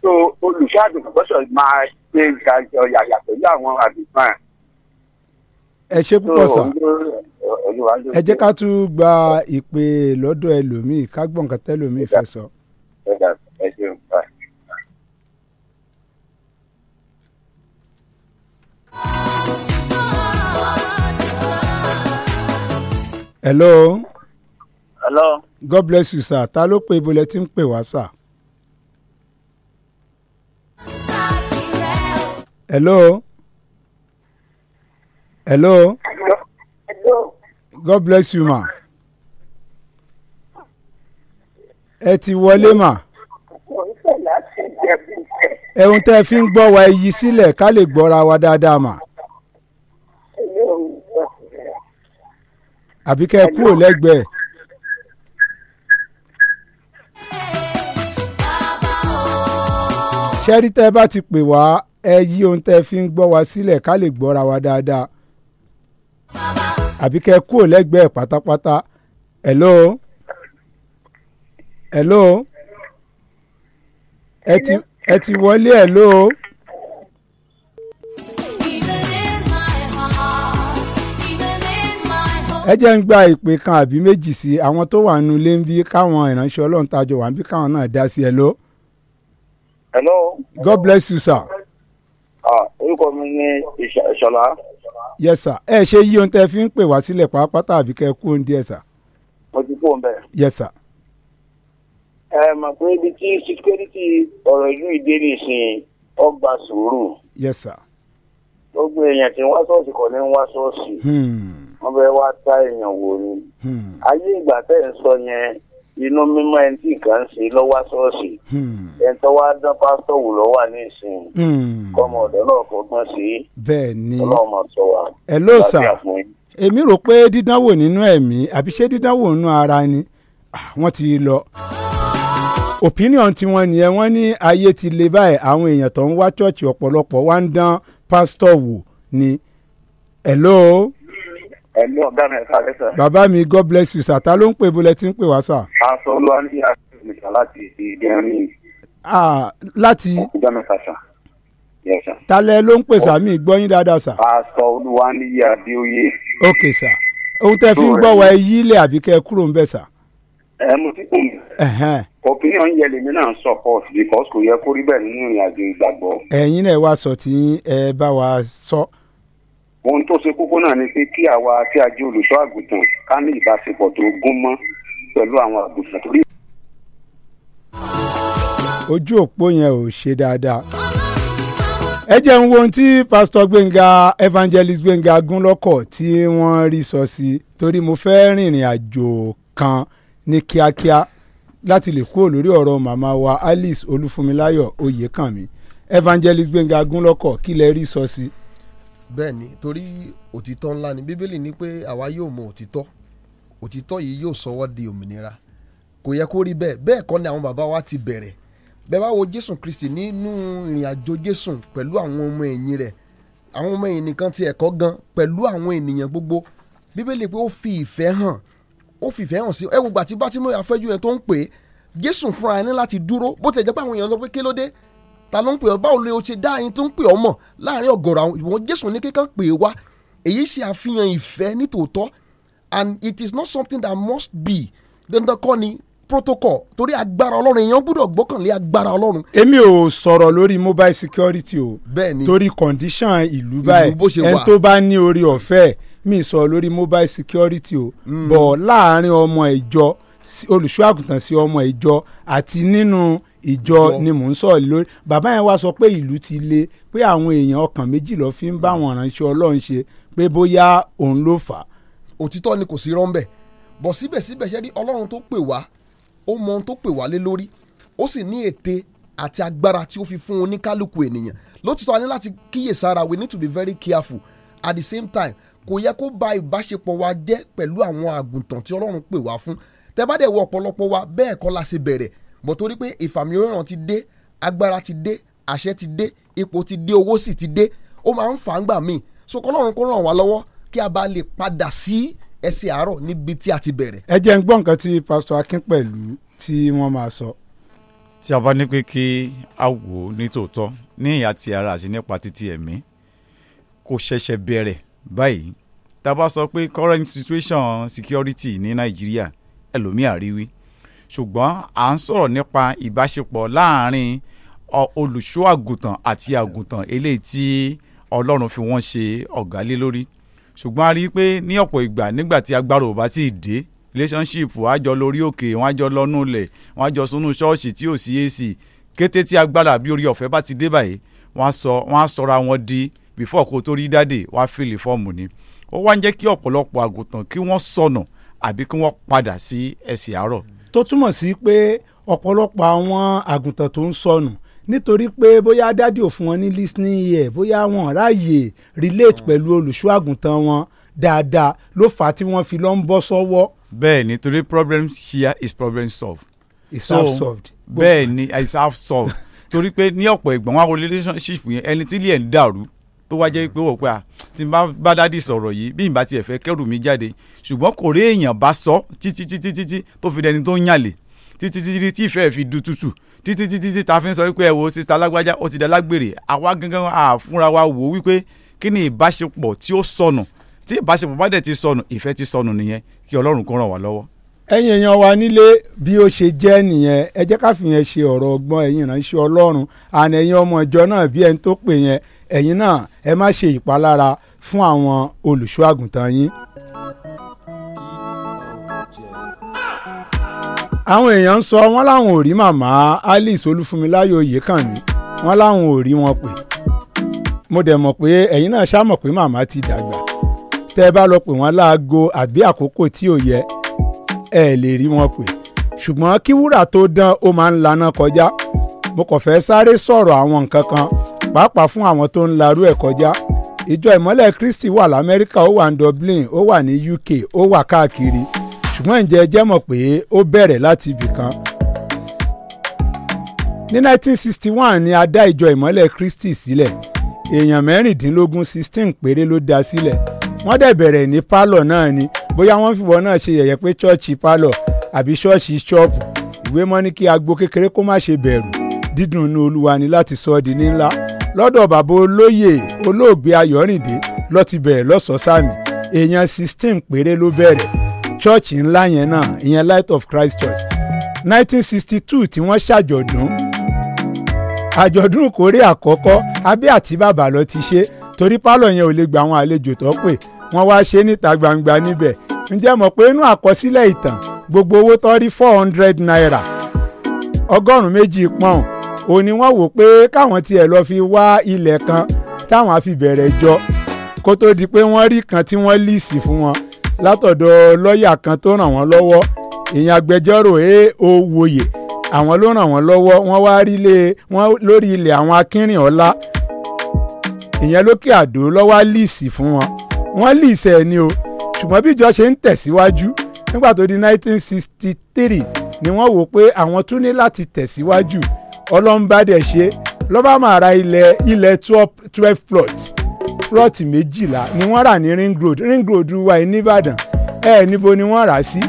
tó olùṣọ́ àgùntàn gbọ́sọ̀ máa ṣe ìyàyà pẹ̀lú àwọn àgùntàn ẹ ṣe púpọ̀ sà ẹ jẹ́ ká tún gba ìpè lọ́dọ̀ ẹlòmíì ká gbọ́ nǹkan tẹ́lòmíì fẹ́ sọ. hello. hello. God bless you sir ta ló pe ibo lẹ ń pè wá sir. hello. Hello. Hello. God bless you ma. Ẹ ti wọlé mà. Ẹ̀hún tẹ́ ẹ fi ń gbọ́ wa èyí sílẹ̀ ká lè gbọ́ra wa dáadáa mà. Àbí kẹ́ ẹ kúrò lẹ́gbẹ̀ẹ́. Ṣẹ́rí tẹ́ bá ti pè wá ẹ yí ohun tẹ́ fi ń gbọ́ wa sílẹ̀ ká lè gbọ́ra wa dáadáa àbí kẹ́ ẹ kúrò lẹ́gbẹ̀ẹ́ pátápátá hello hello ẹ ti ẹ ti wọlé hello. ẹ jẹ́ ń gba ìpè kan àbí méjì sí àwọn tó wà nínú ilé ń bí káwọn ìránṣẹ́ ọlọ́run tájọ wà ń bí káwọn náà dá sí hello. hello. God bless you sir. Ah, orúkọ mi ni ìṣọ̀lá. yes sir ẹ ṣe yí ohun fi ń pè wá sílẹ̀ pàápàá tàbí kẹ́ kú ohun sir. mo ti kú òun yes sir. ẹ mọ̀ pé ibi tí security ọ̀rọ̀ ìlú ìdè nìsín ọgbà sùúrù. yes sir. gbogbo èèyàn ti wá ṣọ́ọ̀ṣì ń wá hmm. wọ́n wá ta èèyàn ni. Hmm. ayé ìgbà ń sọ yẹn inú mímọ́ ẹni tí nǹkan ń ṣe lọ́wọ́ ṣọ́ọ̀ṣì hmm. ẹni tó wá dán pásítọ̀ wù lọ́wọ́ wà ní ìsìn hmm. kọ́mọ ọ̀dọ́ náà fọgbọ́n sí i bẹ́ẹ̀ ni ọlọ́mọ sọ wa. ẹ ló sà èmi rò pé dídánwò nínú ẹ̀mí àbí ṣé dídánwò nínú ara ni wọ́n ti lọ opinion tiwọn nìyẹn wọ́n ní ayé ti le báyìí àwọn èèyàn tó ń wá ṣọ́ọ̀ṣì ọ̀pọ̀lọpọ̀ wá ń dán pásítọ̀ wò ni. Hello? ẹ̀lú ọ̀gá mi ẹ̀ka lẹ́sẹ̀. bàbá mi god bless you sir ta ló ń pè bó lẹ ti ń pè wá sà. aṣọ olúwa ní àṣìṣe láti ìdíyẹrin. ah láti. ọ̀gá mi sàṣà. talẹ̀ ló ń pè sàmì gbọ́yìn dáadáa sà. aṣọ olúwa ní àdéoyè. ok sà ohun tẹ fi ń gbọ́ wa ẹ yí ilẹ̀ àbí kẹ́ ẹ kúrò ń bẹ̀ sà. ẹ mo ti kùn. opinion yẹ lèmi náà support because kò yẹ kó rí bẹ́ẹ̀ nínú ìrìnàjò ìgbàgbọ́. ẹ̀yin náà wá sọ tí ẹ bá wa sọ. So ohun tó ṣe kókó náà ni pé kí àwa tí a jẹ́ olùṣọ́ àgùntàn ká ní ìbáṣepọ̀ tó gún mọ́ pẹ̀lú àwọn àgùntàn torí. ojú òpó yẹn ò ṣe dáadáa ẹ jẹ́ ń wo ohun tí pásítọ̀ gbẹ̀ngà evangelist gbẹ̀ngà gúnlọ́kọ̀ tí wọ́n rí sọ sí torí mo fẹ́ rìnrìn àjò kan ní kíákíá láti lè kúrò lórí ọ̀rọ̀ màmá wa alice olúfúnmiláyọ̀ oyèkànmí evangelist gbẹ̀ngà gúnlọ́kọ̀ kí lẹ rí sọ sí bẹ́ẹ̀ ni torí òtítọ́ ńlá ni bíbélì ní pé àwa yóò mọ òtítọ́ òtítọ́ yìí yóò sọ wá di òmìnira kò yẹ kó rí bẹ́ẹ̀ bẹ́ẹ̀ kọ́ ni àwọn bàbá wa ti bẹ̀rẹ̀ bẹ́ẹ̀ bá wo jésù kristi nínú ìrìn àjò jésù pẹ̀lú àwọn ọmọ ẹ̀yìn rẹ̀ àwọn ọmọ ẹ̀yìn nìkan ti ẹ̀kọ́ gan pẹ̀lú àwọn ènìyàn gbogbo bíbélì pé ó fi ìfẹ́ hàn ó fi ìfẹ́ hàn sí ẹ wo gbà tí bátímọ̀ àfẹ́jú yẹn tó ń pè jésù fúnra ẹni láti dúró bó tẹ̀ jẹ́ pé àwọn èèyàn lọ pé kí ta ló ń pè ọ́ báwo ni o ṣe dá ẹni tó ń pè ọ́ mọ̀ láàrin ọ̀gọ̀rọ̀ àwọn ìwọ̀n Jésù ní kíkan pè wá èyí ṣe àfihàn ìfẹ́ nítòótọ́ and it is not something that must be dandan kọ́ ni protocol torí agbára ọlọ́run èèyàn gbọ́dọ̀ gbọ́kànlé agbára ọlọ́run. èmi ò sọ̀rọ̀ lórí mobile security o. bẹ́ẹ̀ni torí condition ìlú báyìí ẹni tó bá ní orí ọ̀fẹ́ mi sọ lórí mobile security o. Hmm. bọ̀ láàárín ọmọ ìjọ olùṣọ́ àgùntàn sí ọmọ ìjọ àti nínú ìjọ ni mò ń sọ lórí bàbá yẹn wá sọ pé ìlú ti le pé àwọn èèyàn ọkàn méjì lọ fi ń bá àwọn ìránṣẹ́ Ọlọ́run ṣe pé bóyá òun ló fà á. òtítọ́ ni kò sí rọ́ńbẹ̀ bọ̀ síbẹ̀síbẹ̀ ṣe rí Ọlọ́run tó pè wá ó mọ ohun tó pè wá lé lórí ó sì ní ète àti agbára tí ó fi fún oníkálukú ènìyàn lótìtọ́ a ní láti kíyèsára we need to be very careful at the same time kò yẹ kó ba ìbáṣepọ̀ wa jẹ́ pẹ̀lú àwọn àgùntàn tí Ọlọ́run pè wá fún tẹ́ bá dẹ̀ wo ọ̀pọ̀lọpọ̀ wa bẹ́ẹ̀ kọ́ la ṣe bẹ̀rẹ̀ bọ̀ torí pé ìfàmì òràn ti dé agbára ti dé àṣẹ ti dé ipò ti dé owó sì ti dé ó máa ń fà ń gbà míì so kọ́lọ́run kó ràn wá lọ́wọ́ kí a bá lè padà sí ẹsẹ̀ àárọ̀ níbi tí a ti bẹ̀rẹ̀. ẹ jẹ́ ń gbọ́ nǹkan tí pásítọ̀ akin pẹ̀lú tí wọ́n máa sọ. tí a bá ní pé kí a wò ó ní tòótọ́ ní ìyá ti ara àti nípa títí ẹ̀mí kò ṣẹ̀ṣẹ̀ bẹ̀rẹ̀ báyìí tá a bá sọ pé current situation security ní nàìjíríà ẹlòmíà rí wí ṣùgbọ́n à ń sọ̀rọ̀ nípa ìbáṣepọ̀ láàrin olùṣọ́ àgùntàn àti àgùntàn eléyìí tí ọlọ́run fi wọ́n ṣe ọ̀gá lé lórí ṣùgbọ́n a rí i pé ní ọ̀pọ̀ ìgbà nígbà tí agbára ò bá tí dé relationship wọ́n á jọ lórí òkè wọ́n á jọ lọ́nú ilẹ̀ wọ́n á jọ sínú ṣọ́ọ̀ṣì tí ò sí èsì kété tí agbára àbí orí ọ̀fẹ́ bá ti dé báyìí wọ́n sọ wọ́n sọra wọn di before kó tó rí dáde wọ́n á fìlì fọ́ọ̀mù ni ó wá ń jẹ́ kí ọ̀pọ̀lọpọ̀ àgùntàn kí wọ́n sọnù àbí kí wọ́n padà sí ẹsẹ̀ àárọ̀ tó túmọ̀ sí pé ọ̀pọ̀lọpọ̀ àwọn àgùntàn tó ń sọnù nítorí pé bóyá dádì ò wọn ní listening ear bóyá wọn ráàyè relate mm. pẹ̀lú olùṣọ́ àgùntàn wọn dáadáa ló fà á tí wọ́n fi lọ́ bọ́ sọ́wọ́. bẹ́ẹ̀ torí problem share is problem solved. is half solved. bẹ́ẹ̀ is half solved torí pé ní ọ̀pọ̀ ìgbà relationship yẹn ẹni tí ilé ẹ̀ ń dàrú tó wá jẹ́ pé wò pé à tí n bá bá dádì sọ̀rọ̀ yìí bí n bá tiẹ̀ fẹ́ kẹ́rù mi jáde ṣùgbọ́n kò rí èèyàn bá sọ títí títí títí tó fi dẹni tó ń yàlè títí títí tí ìfẹ́ fi du tútù títí títí tí ta fi ń sọ wípé ẹ wo sista alágbájá ó ti dá lágbèrè àwa gangan àfúnra wa wò wípé kí ni ìbáṣepọ̀ tí ó sọnù tí ìbáṣepọ̀ bá dẹ̀ ti sọnù ìfẹ́ ti sọnù nìyẹn kí ọlọ́run kó ràn wá lọ́wọ́. ẹ̀yin èèyàn wa nílé bí ó ṣe jẹ́ nìyẹn ẹ jẹ́ ká fìyẹn ṣe ọ̀rọ̀ ọgbọ́n ẹ̀yin ìránṣẹ́ ọlọ́run àná ẹ̀yin ọmọ ìjọ náà bí ẹni tó pè yẹn ẹ̀yin náà ẹ má ṣe ìpalára fún àwọn olùṣọ́ àgùntàn yín. àwọn èèyàn ń sọ wọ́n láwọn ò rí màmá alice olúfúnmiláyọ̀ oyèkànmí wọ́n láwọn ò rí wọn pè mo dẹ̀ mọ̀ pé ẹ̀yin náà ṣá mọ̀ pé màmá ti dàgbà tẹ́ ẹ bá lọ pè wọ́n láago àbí àkókò tí ò yẹ ẹ lè rí wọn pè ṣùgbọ́n kí wúrà tó dán ó máa ń laná kọjá mo kàn fẹ́ sáré sọ̀rọ̀ àwọn nǹkan kan pàápàá fún àwọn tó ń larú ẹ̀ kọjá ìjọ ìmọ́lẹ̀ kristi wà lamẹ́ríkà ó wà ní dublin ó wà ní uk ó wà káàkiri ṣùgbọ́n ǹjẹ́ ẹ jẹ́ mọ̀ pé ó bẹ̀rẹ̀ láti ibì ní 1961 ni a dá ìjọ ìmọ́lẹ̀ kristi sílẹ̀ èèyàn mẹ́rìndínlógún 16 péré ló dá sílẹ̀ wọ́n dẹ̀ bẹ̀rẹ̀ ní pálọ̀ náà ni bóyá wọ́n fìwọ́ náà ṣe yẹ̀yẹ́ pé ṣọ́ọ̀ṣì pálọ̀ àbí ṣọ́ọ̀ṣì ṣọ́ọ̀bù ìwé mọ́ ní kí agbo kékeré kó má ṣe bẹ̀rù dídùn inú olúwa ni láti sọ ọ́ di ní ńlá lọ́dọ̀ bàbá olóyè olóògbé ayọ̀rìndé ló ti bẹ̀rẹ̀ lọ́sọ̀ọ́sàmì èèyàn sixteen péré ló bẹ̀rẹ̀ chọ́ọ̀chì ńlá yẹn náà ìyẹn light of christ church nineteen sixty two tí wọ́n ṣàjọ̀dún àjọ̀dún ìkórè àkọ́kọ́ abẹ́ àti bàbá ló ti ṣe torí pálọ̀ yẹn ò lè gba àwọn àlejò tó pè wọ́n wá ṣe níta gbangba níbẹ̀ ǹjẹ́ mọ̀ pé inú àkọsílẹ̀ ìtàn gbogbo owó tó four hundred naira ọgọ́rùn-ún méjì pọ́n ó ní wọ́n wò pé káwọn tiẹ̀ lọ fi wá ilẹ̀ kan táwọn á fi bẹ̀rẹ̀ jọ kó tó di pé wọ́n rí kan tí wọ́n líìsì fún wọn látọ̀dọ̀ lọ́ọ̀yà kan tó ràn wọ́n lọ́wọ́ ìyẹn agbẹjọ́rò A.O. Woyè àwọn ló ràn wọ́n lọ́wọ́ wọ́n wá rí ilé wọn lórí ilẹ̀ àwọn Akínrìnọlá ìyẹn lókè àdó lọ́wọ́ líìsì fún wọn wọ́n líìsì ni o ṣùgbọ́n bí ìjọ ṣe ń tẹ̀síwájú nígbà tó di 1963 ni wọ́n wò pé àwọn tún ní láti tẹ̀síwájú ọlọ́run bá dẹ̀ ṣe lọ́ba máa ra ilẹ̀ ilẹ̀ twelve plot plot méjìlá ni wọ́n rà ní ring road ring road wa ní Ìbàdàn ẹ níbo ni wọ́n rà á sí.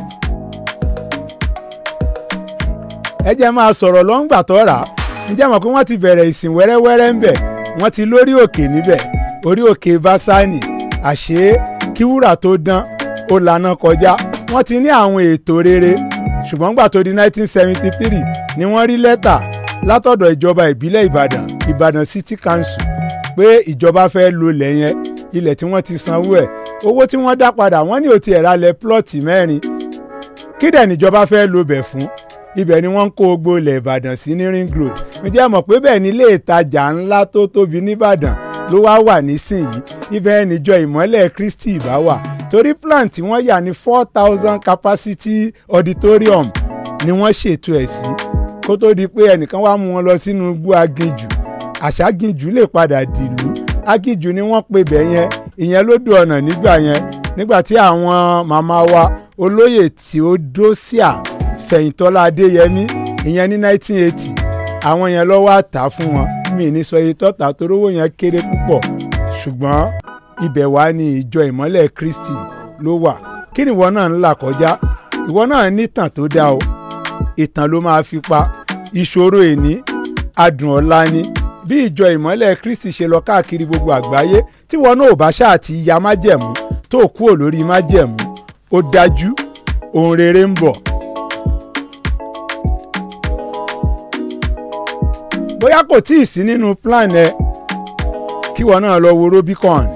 ẹ jẹ́ máa sọ̀rọ̀ lọ́ngbà tó rà á ǹjẹ́ mọ̀ pé wọ́n ti bẹ̀rẹ̀ ìsìn wẹ́rẹ́wẹ́rẹ́ ń bẹ̀ wọ́n ti lórí òkè níbẹ̀ orí òkè Básánì àṣé kí wúrà tó dán ó lànà kọjá wọ́n ti ní àwọn ètò rere ṣùgbọ́n gbà tó di 1973 ni wọ́n rí lẹ́tà látọ̀dọ̀ ìjọba ìbílẹ̀ ìbàdàn ìbàdàn city council pé ìjọba fẹ́ lo ilẹ̀ yẹn ilẹ̀ tí wọ́n ti sanwó ẹ̀ owó tí wọ́n dá padà wọ́n ní ó ti ẹ̀ ra plọ́ọ̀tì mẹ́rin kí dẹ̀ níjọba fẹ́ lo bẹ̀ fún ibẹ̀ ni wọ́n ń kó gbogbo ilẹ̀ ìbàdàn sí ní ring road ǹjẹ́ mọ̀ pé bẹ́ẹ̀ ni ilé ìtajà ńlá tó tóbi níbàdàn ló wá wà nísìnyí ibẹ̀ níjọ ìmọ́lẹ̀ Christy ìbá wà torí plan tí wọ́n yà ní four thousand capacity auditorium ni wọ́n ṣètò ẹ̀ sí kó tó di pé ẹnìkan wá mú wọn lọ sínú igbó aginjù àṣàginjù lè padà dìlú aginjù ni wọ́n pe bẹ̀ yẹn ìyẹn ló dùn ọ̀nà nígbà yẹn nígbà tí àwọn màmá wa olóyè tí ó dó sí à fẹ̀yìntọ́lá adéyẹmí ìyẹn ní 1980 àwọn yẹn ló wá tà fún wọn mi ní sọ iye tọ́ta torówó yẹn kéré púpọ̀ ṣùgbọ́n ibẹ̀ wá ní ìjọ ìmọ́lẹ̀ kristi ló wà kí ni ìwọ náà ń là kọjá ìwọ náà nítàn tó dá o ìtàn ló máa fi pa ìṣòro èní adùn ọ̀la ni bí ìjọ ìmọ́lẹ̀ Kristi ṣe lọ káàkiri gbogbo àgbáyé tí wọn náà ò bá ṣáà ti ya májẹ̀mú tó kúrò lórí májẹ̀mú ó dájú ohun rere ń bọ̀. bóyá kò tí ì sí nínú plan ẹ kí wọn náà lọ wo Robicon.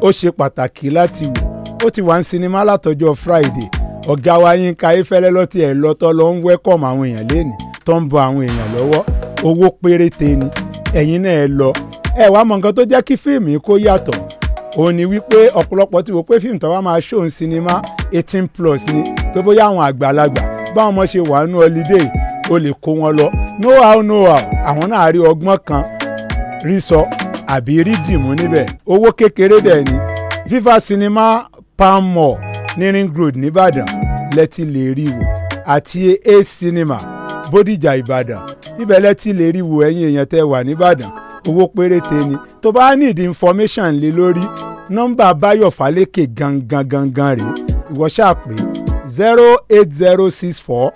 ó ṣe pàtàkì láti wò ó ti wà ń sinimá látọjọ́ friday ọ̀gá wa Yínká Ayéfẹ́lẹ́ lọ́tí ẹ̀ lọ́tọ́ lọ ń wẹ́kọ̀m àwọn èèyàn lẹ́nu tó ń bọ àwọn èèyàn lọ́wọ́ owó péréte ni ẹ̀yin náà ẹ lọ ẹ wàá mọ nǹkan tó jẹ́ kí fíìmù kó yàtọ̀ òun ni wípé ọ̀pọ̀lọpọ̀ ti wò pé fíìmù tó bá máa ṣóun sinimá eighteen plus ni pé bóyá àwọn àgbàlagbà báwọn ọmọ ṣe wà nínú holiday o lè kó wọn lọ no how no how àwọn náà rí ọgbọ́n kan rí sọ àbí rí dìmú níbẹ̀ owó kékeré dẹ̀ ni Viva Cinema palmore ní ring road nìbàdàn lẹ́tí lè rí àti a cinema bódìjà ìbàdàn ibẹ̀ lẹ́tí lè rí wò ẹ̀yin èèyàn tẹ́ wà nìbàdàn owó péréte ni tó bá need information lé lórí nọ́mbà báyọ̀ fálékè gangan gangan rèé ìwọ ṣáà zero eight zero six four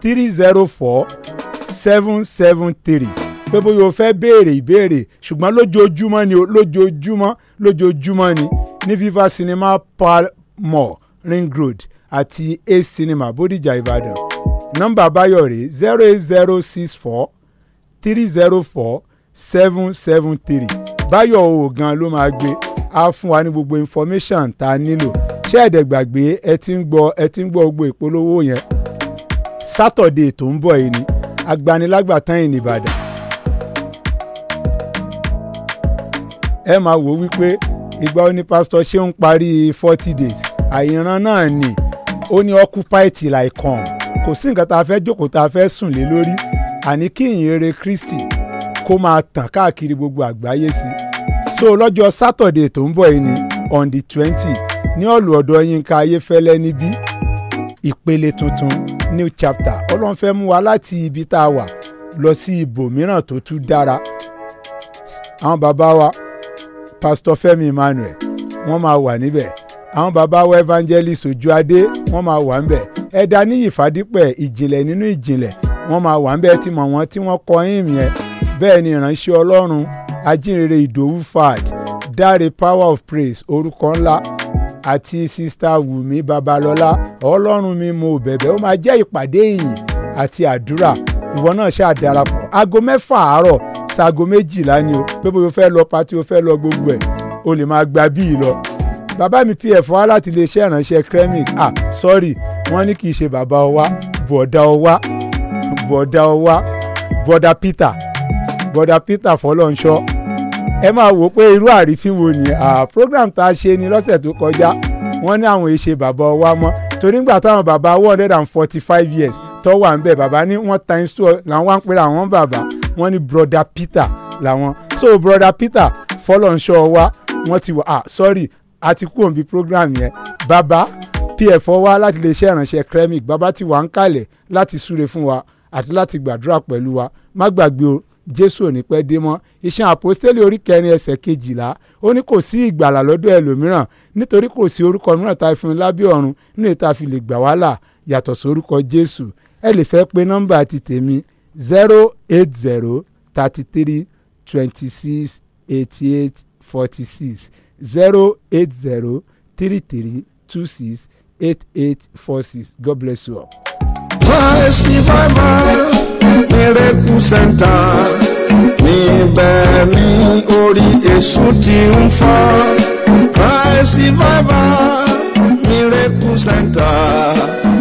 three zero four seven seven three pé bóyá o fẹ́ béèrè ìbéèrè ṣùgbọ́n lójoojúmọ́ ni lójoojúmọ́ lójoojúmọ́ ni ní viva cinema palmore ring road àti a cinema bódìjà ìbàdàn nọ́mbà báyọ̀rẹ́ zero eight zero six four three zero four seven seven three báyọ̀ òògan ló máa gbé á fún wa ní gbogbo information tá a nílò ṣé ẹ̀dẹ̀gbàgbé ẹ ti ń gbọ́ ẹ ti ń gbọ́ gbogbo ìpolówó yẹn sátọ̀dé tó ń bọ̀ yìí ni agbanilágbàtàn yìí ní ẹ máa wò wípé ìgbà ó ní pásítọ̀ Ṣeun parí forty days àìran náà ni ó ní occupy till I come kò sí nǹkan tá a fẹ́ jókòó tá a fẹ́ sùn lé lórí àní kí ìyìnrere Kristi kó máa tàn káàkiri gbogbo àgbáyé sí i so lọ́jọ́ sátọ̀dẹ̀ tó ń bọ̀ yìí ni on the twenty ní ọ̀lù ọ̀dọ̀ Yínká Ayéfẹ́lẹ́ níbí ìpele tuntun new chapter Ọlọ́run fẹ́ mú wa láti ibi tá a wà lọ sí ibòmíràn tó tún dára àwọn bàbá wa pastor Fẹ́mi Emmanuel wọ́n máa wà níbẹ̀ àwọn baba wa evangelist Ojuade wọ́n máa wà níbẹ̀ ẹ̀dá níyì Fádípẹ̀ ìjìnlẹ̀ nínú ìjìnlẹ̀ wọ́n máa wà níbẹ̀ tí mọ̀ wọ́n tí wọ́n kọ yín yẹn bẹ́ẹ̀ ni ìránṣẹ́ Ọlọ́run ajínrere Ìdòwú fad dáre power of praise orúkọ ńlá àti sista Wùmí Babalọ́lá Ọlọ́run mi mo bẹ̀bẹ̀ ó máa jẹ́ ìpàdé ìyìn àti àdúrà ìwọ náà ṣáà darapọ̀ aago mẹ́fà àárọ̀ ṣaago méjìlá ni o pé bóyá o fẹ́ lọ pati o fẹ́ lọ gbogbo ẹ̀ o lè máa gba bíi lọ bàbá mi pf wá láti iléeṣẹ́ ìránṣẹ́ kremik ah sorry wọ́n ní kì í ṣe bàbá ọwá bọ̀dá ọwá bọ̀dá ọwá bọ̀dá peter bọ̀dá peter fọlọ́nṣọ́ ẹ máa wò pé irú àrífín wo ni ah program tá a ṣe ni lọ́sẹ̀ tó kọjá wọ́n ní àwọn èṣe bàbá ọwá mọ́ torí ńgbà táwọn bàbá one hundred and forty five years tó wà ń bẹ̀ bàbá ní wọ́n times two làwọn wá ń pera àwọn bàbá wọ́n ní broda Peter làwọn so broda Peter fọlọ́nṣọ́ wa wọ́n ti wà ah sorry a ti kú òǹbí program yẹn bàbá pf wa láti lè ṣe ìrànṣẹ́ kremik bàbá ti wà ń kalẹ̀ láti súre fún wa àti láti gbàdúrà pẹ̀lú wa má gbàgbé o jésù ò ní pẹ́ dé mọ́ iṣan àpọ́stélì orí kẹrin ẹsẹ̀ kejìlá ó ní kò sí ìgbàlà lọ́dọ̀ ẹlòmíràn nítorí kò sí orúkọ mìíràn tá a fi lábẹ́ ọ̀run ní ìta fi lè gbà wá là yàtọ̀ sí orúkọ jésù ẹ lè fẹ́ pe nọ́mbà ti tèmi zero eight zero thirty three twenty six eighty eight forty six zero eight zero three three two six eight eight four six God bless you all. Christ Revival Miracle Center níbẹ̀ ni orí èṣù ti ń fọ́ Christ Revival Miracle Center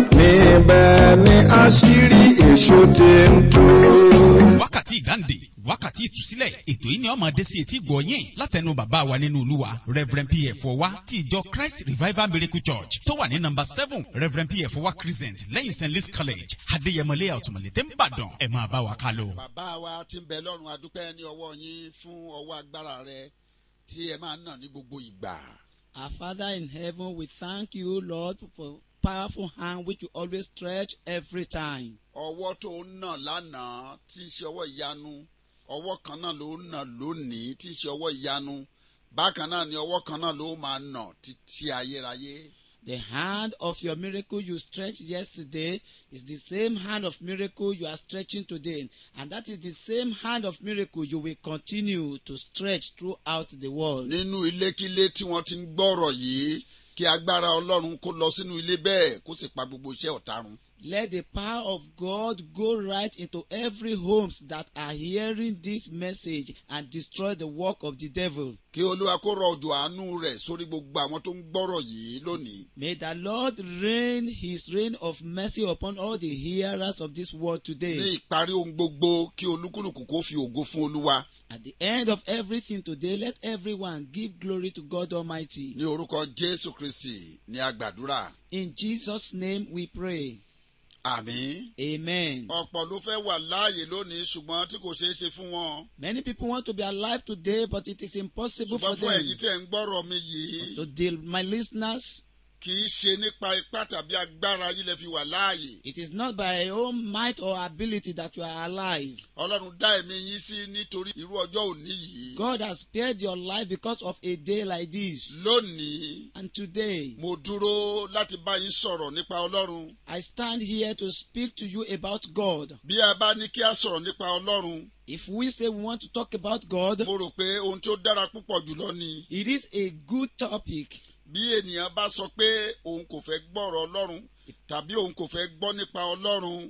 ibẹ̀ ni àṣírí èṣù ti ń tú. wákàtí ìdáǹdè wákàtí ìtúsílẹ̀ ètò yìí ni ọmọ adé sí etí gbọ̀nyìn látẹnu bàbá wa nínú olúwa reverend pf ọwa ti ìjọ christ revival miracle church tó wà ní nọ́mbà seven reverend pf ọwa crescent lẹ́yìn st louis college adéyẹmọlé àtùmọ̀lẹ́ tẹ́ ń bàdàn ẹ̀ máa bá wa ká lọ. bàbá wa ti ń bẹ lọ́run adúpẹ́ ní ọwọ́ yín fún ọwọ́ agbára rẹ tí ẹ máa nà ní gbogbo ìgbà. our father in heaven we thank you lord for powerful hand which you always stretch every time. ọwọ́ tó ń nà lánàá tí í ṣe ọwọ́ ìyanu ọwọ́ kan náà ló ń nà lónìí tí í ṣe ọwọ́ ìyanu bákan náà ni ọwọ́ kan náà ló máa nà títí ayérayé. The hand of your miracle you stretched yesterday is the same hand of miracle you are stretching today, and that is the same hand of miracle you will continue to stretch throughout the world. Nínú ilé kílé tí wọ́n ti ń gbọ́rọ̀ yìí kí agbára ọlọ́run kó lọ sínú ilé bẹ́ẹ̀ kó sì pa gbogbo iṣẹ́ ọ̀tá Let the power of God go right into every homes that are hearing this message and destroy the work of the devil. Kí Olúwa kó rọ òjò àánú rẹ̀ sórí gbogbo àwọn tó ń gbọ́rọ̀ yìí lónìí. May the Lord reign his reign of mercy upon all the hearers of this word today. Ní ìparí ohun gbogbo kí olúkúlùkù kó fi ògo fún Olúwa. At the end of everything today, let everyone give glory to God Almighty. Ní orúkọ Jésù Kristì ni a gbàdúrà. In Jesus' name we pray. Àmín. Amen. Ọ̀pọ̀ ló fẹ́ wà láàyè lónìí ṣùgbọ́n tí kò ṣeé ṣe fún wọn. Many people want to be alive today but it is impossible for them. Ṣùgbọ́n fún ẹ̀yin tí ẹ̀ ń gbọ́rọ̀ mi yìí. To deal, my listeners kì í ṣe nípa ipá tàbí agbára yín fi wà láàyè. It is not by your own might or ability that you are alive. Ọlọ́run dá ẹ̀mí yín sí nítorí irú ọjọ́ òní yìí. God has spared your life because of a day like this. Lónìí. And today. Mo dúró láti bá yín sọ̀rọ̀ nípa Ọlọ́run. I stand here to speak to you about God. Bí a bá ní kí a sọ̀rọ̀ nípa Ọlọ́run. If we say we want to talk about God. Mo rò pé ohun tí ó dára púpọ̀ jùlọ ni. It is a good topic bí ènìyàn bá sọ pé òun kò fẹ́ gbọ́rọ̀ ọlọ́run tàbí òun kò fẹ́ gbọ́ nípa ọlọ́run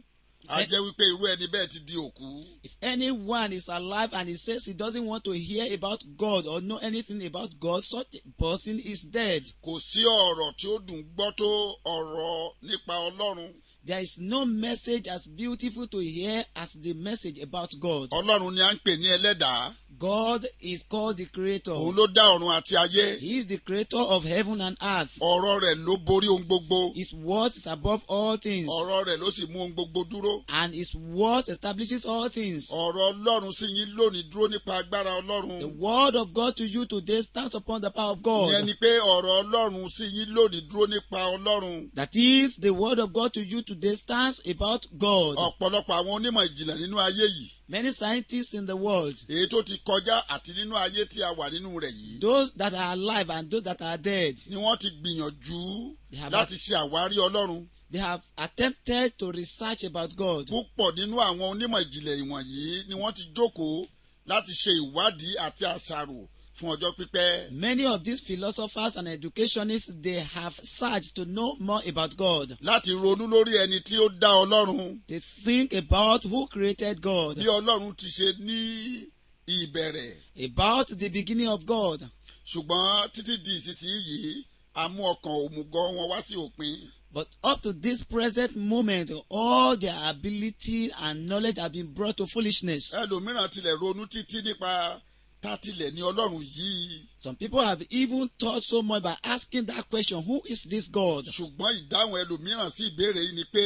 a jẹ́ wípé irú ẹni bẹ́ẹ̀ ti di òkú. if anyone is alive and he says he doesn't want to hear about God or know anything about God such a person is dead. kò sí ọ̀rọ̀ tí ó dùn gbọ́ tó ọ̀rọ̀ nípa ọlọ́run. there is no message as beautiful to hear as the message about God. ọlọ́run ni a ń pè ní ẹlẹ́dàá. God is called the creator. Òun ló dá ọ̀run àti ayé. He is the creator of heaven and earth. Ọ̀rọ̀ rẹ̀ ló borí ohun gbogbo. His words is above all things. Ọ̀rọ̀ rẹ̀ ló sì mú ohun gbogbo dúró. And his words establishes all things. Ọ̀rọ̀ Ọlọ́run sí yín lónìí dúró nípa agbára Ọlọ́run. The word of God to you today stands upon the power of God. Ìyẹn ni pé ọ̀rọ̀ Ọlọ́run sí yín lónìí dúró nípa Ọlọ́run. That is the word of God to you today stands about God. Ọ̀pọ̀lọpọ̀ àwọn onímọ̀ ìjìnlẹ̀ nínú ayé yìí many scientists in the world. èyí tó ti kọjá àti nínú ayé tí a wà nínú rẹ̀ yìí. those that are alive and those that are dead. ni wọ́n ti gbìyànjú láti ṣe àwárí ọlọ́run. They have attempted to research about God. Púpọ̀ nínú àwọn onímọ̀ ìjìnlẹ̀ ìwọ̀nyí ni wọ́n ti jókòó láti ṣe ìwádìí àti àṣàrò fún ọjọ́ pípẹ́. Many of these philosophers and educationists they have searched to know more about God. Láti ronú lórí ẹni tí ó dá Ọlọ́run. They think about who created God. Bí Ọlọ́run ti ṣe ní ìbẹ̀rẹ̀. About the beginning of God. Ṣùgbọ́n títí di ìsinsìnyí a mú ọkàn òmùgọ̀ wọn wá sí òpin. But up to this present moment, all their ability and knowledge have been brought to foolishness. Ẹlòmíràn tilẹ̀ ronú títí nípa tatilẹ̀ ni ọlọ́run yìí. some people have even thought so much by asking that question who is this God. ṣùgbọ́n ìdáhùn ẹlòmíràn sí ìbéèrè yìí ni pé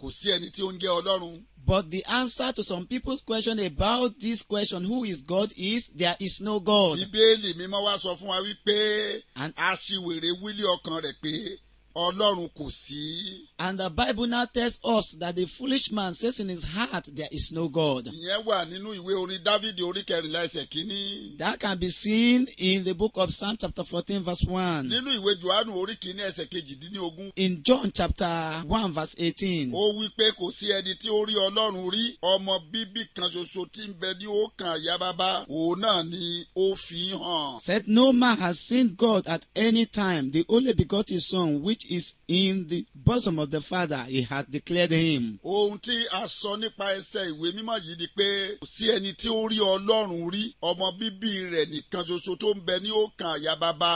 kò sí ẹni tí ó ń jẹ́ ọlọ́run. But the answer to some people's question about this question, who is God, is there is no God. Bíbélì mímọ́ wá sọ fún wa wípé aṣiwèrè wílé ọkàn rẹ̀ pé Ọlọ́run kò sí. And the Bible now tells us that the foolish man says in his heart there is no God. Ìyẹn wà nínú ìwé orin Dávidi orí kẹrìnlá ẹsẹ̀ kínní. That can be seen in the book of Psalm chapter fourteen verse one. Nínú ìwé Jòhánù orí kínní ẹsẹ̀ kejìdínlógún. In John chapter one verse eighteen. Ó wí pé kò sí ẹni tí ó rí Ọlọ́run rí ọmọ bíbí kan ṣoṣo tí ń bẹ ní ọkàn ìyá bàbá òun náà ni ó fi hàn. Said no man has seen God at any time the only begotten son which is in the bosom of the Father, he hath declared him. Ohun tí a sọ nípa ẹsẹ̀ ìwé mímọ́ yìí ni pé kò sí ẹni tí ó rí Ọlọ́run rí ọmọ bíbí rẹ̀ nìkan ṣoṣo tó ń bẹ ní òkàn àyà bàbá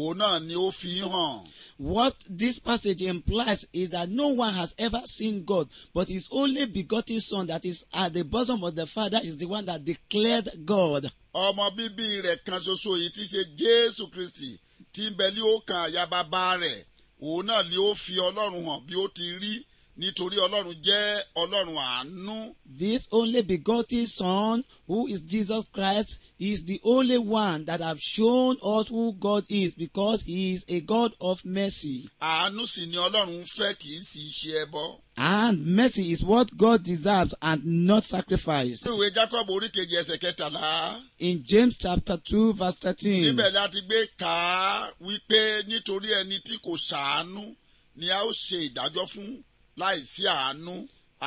òun náà ni ó fi hàn. What this passage implies is that no one has ever seen God, but his only begotten son that is at the bosom of the Father is the one that declared God. Ọmọ bíbí rẹ̀ kan ṣoṣo yìí ti ṣe Jésù Kristì tí ń bẹ ní òkàn àyà bàbá rẹ̀ òun náà ni ó fi ọlọ́run hàn bí ó ti rí nítorí ọlọ́run jẹ́ ọlọ́run àánú. This only begotten son who is Jesus Christ is the only one that have shown us who God is because he is a God of mercy. àánú sì ni ọlọ́run fẹ́ kì í sì ṣe ẹbọ. And mercy is what God deserves and not sacrifice. Ìwé Jacob orí ẹsẹ̀ kẹtàlá. In James chapter two verse thirteen. Níbẹ̀ la ti gbé kà wípé nítorí ẹni tí kò ṣàánú ni a ó ṣe ìdájọ́ fún láìsí àánú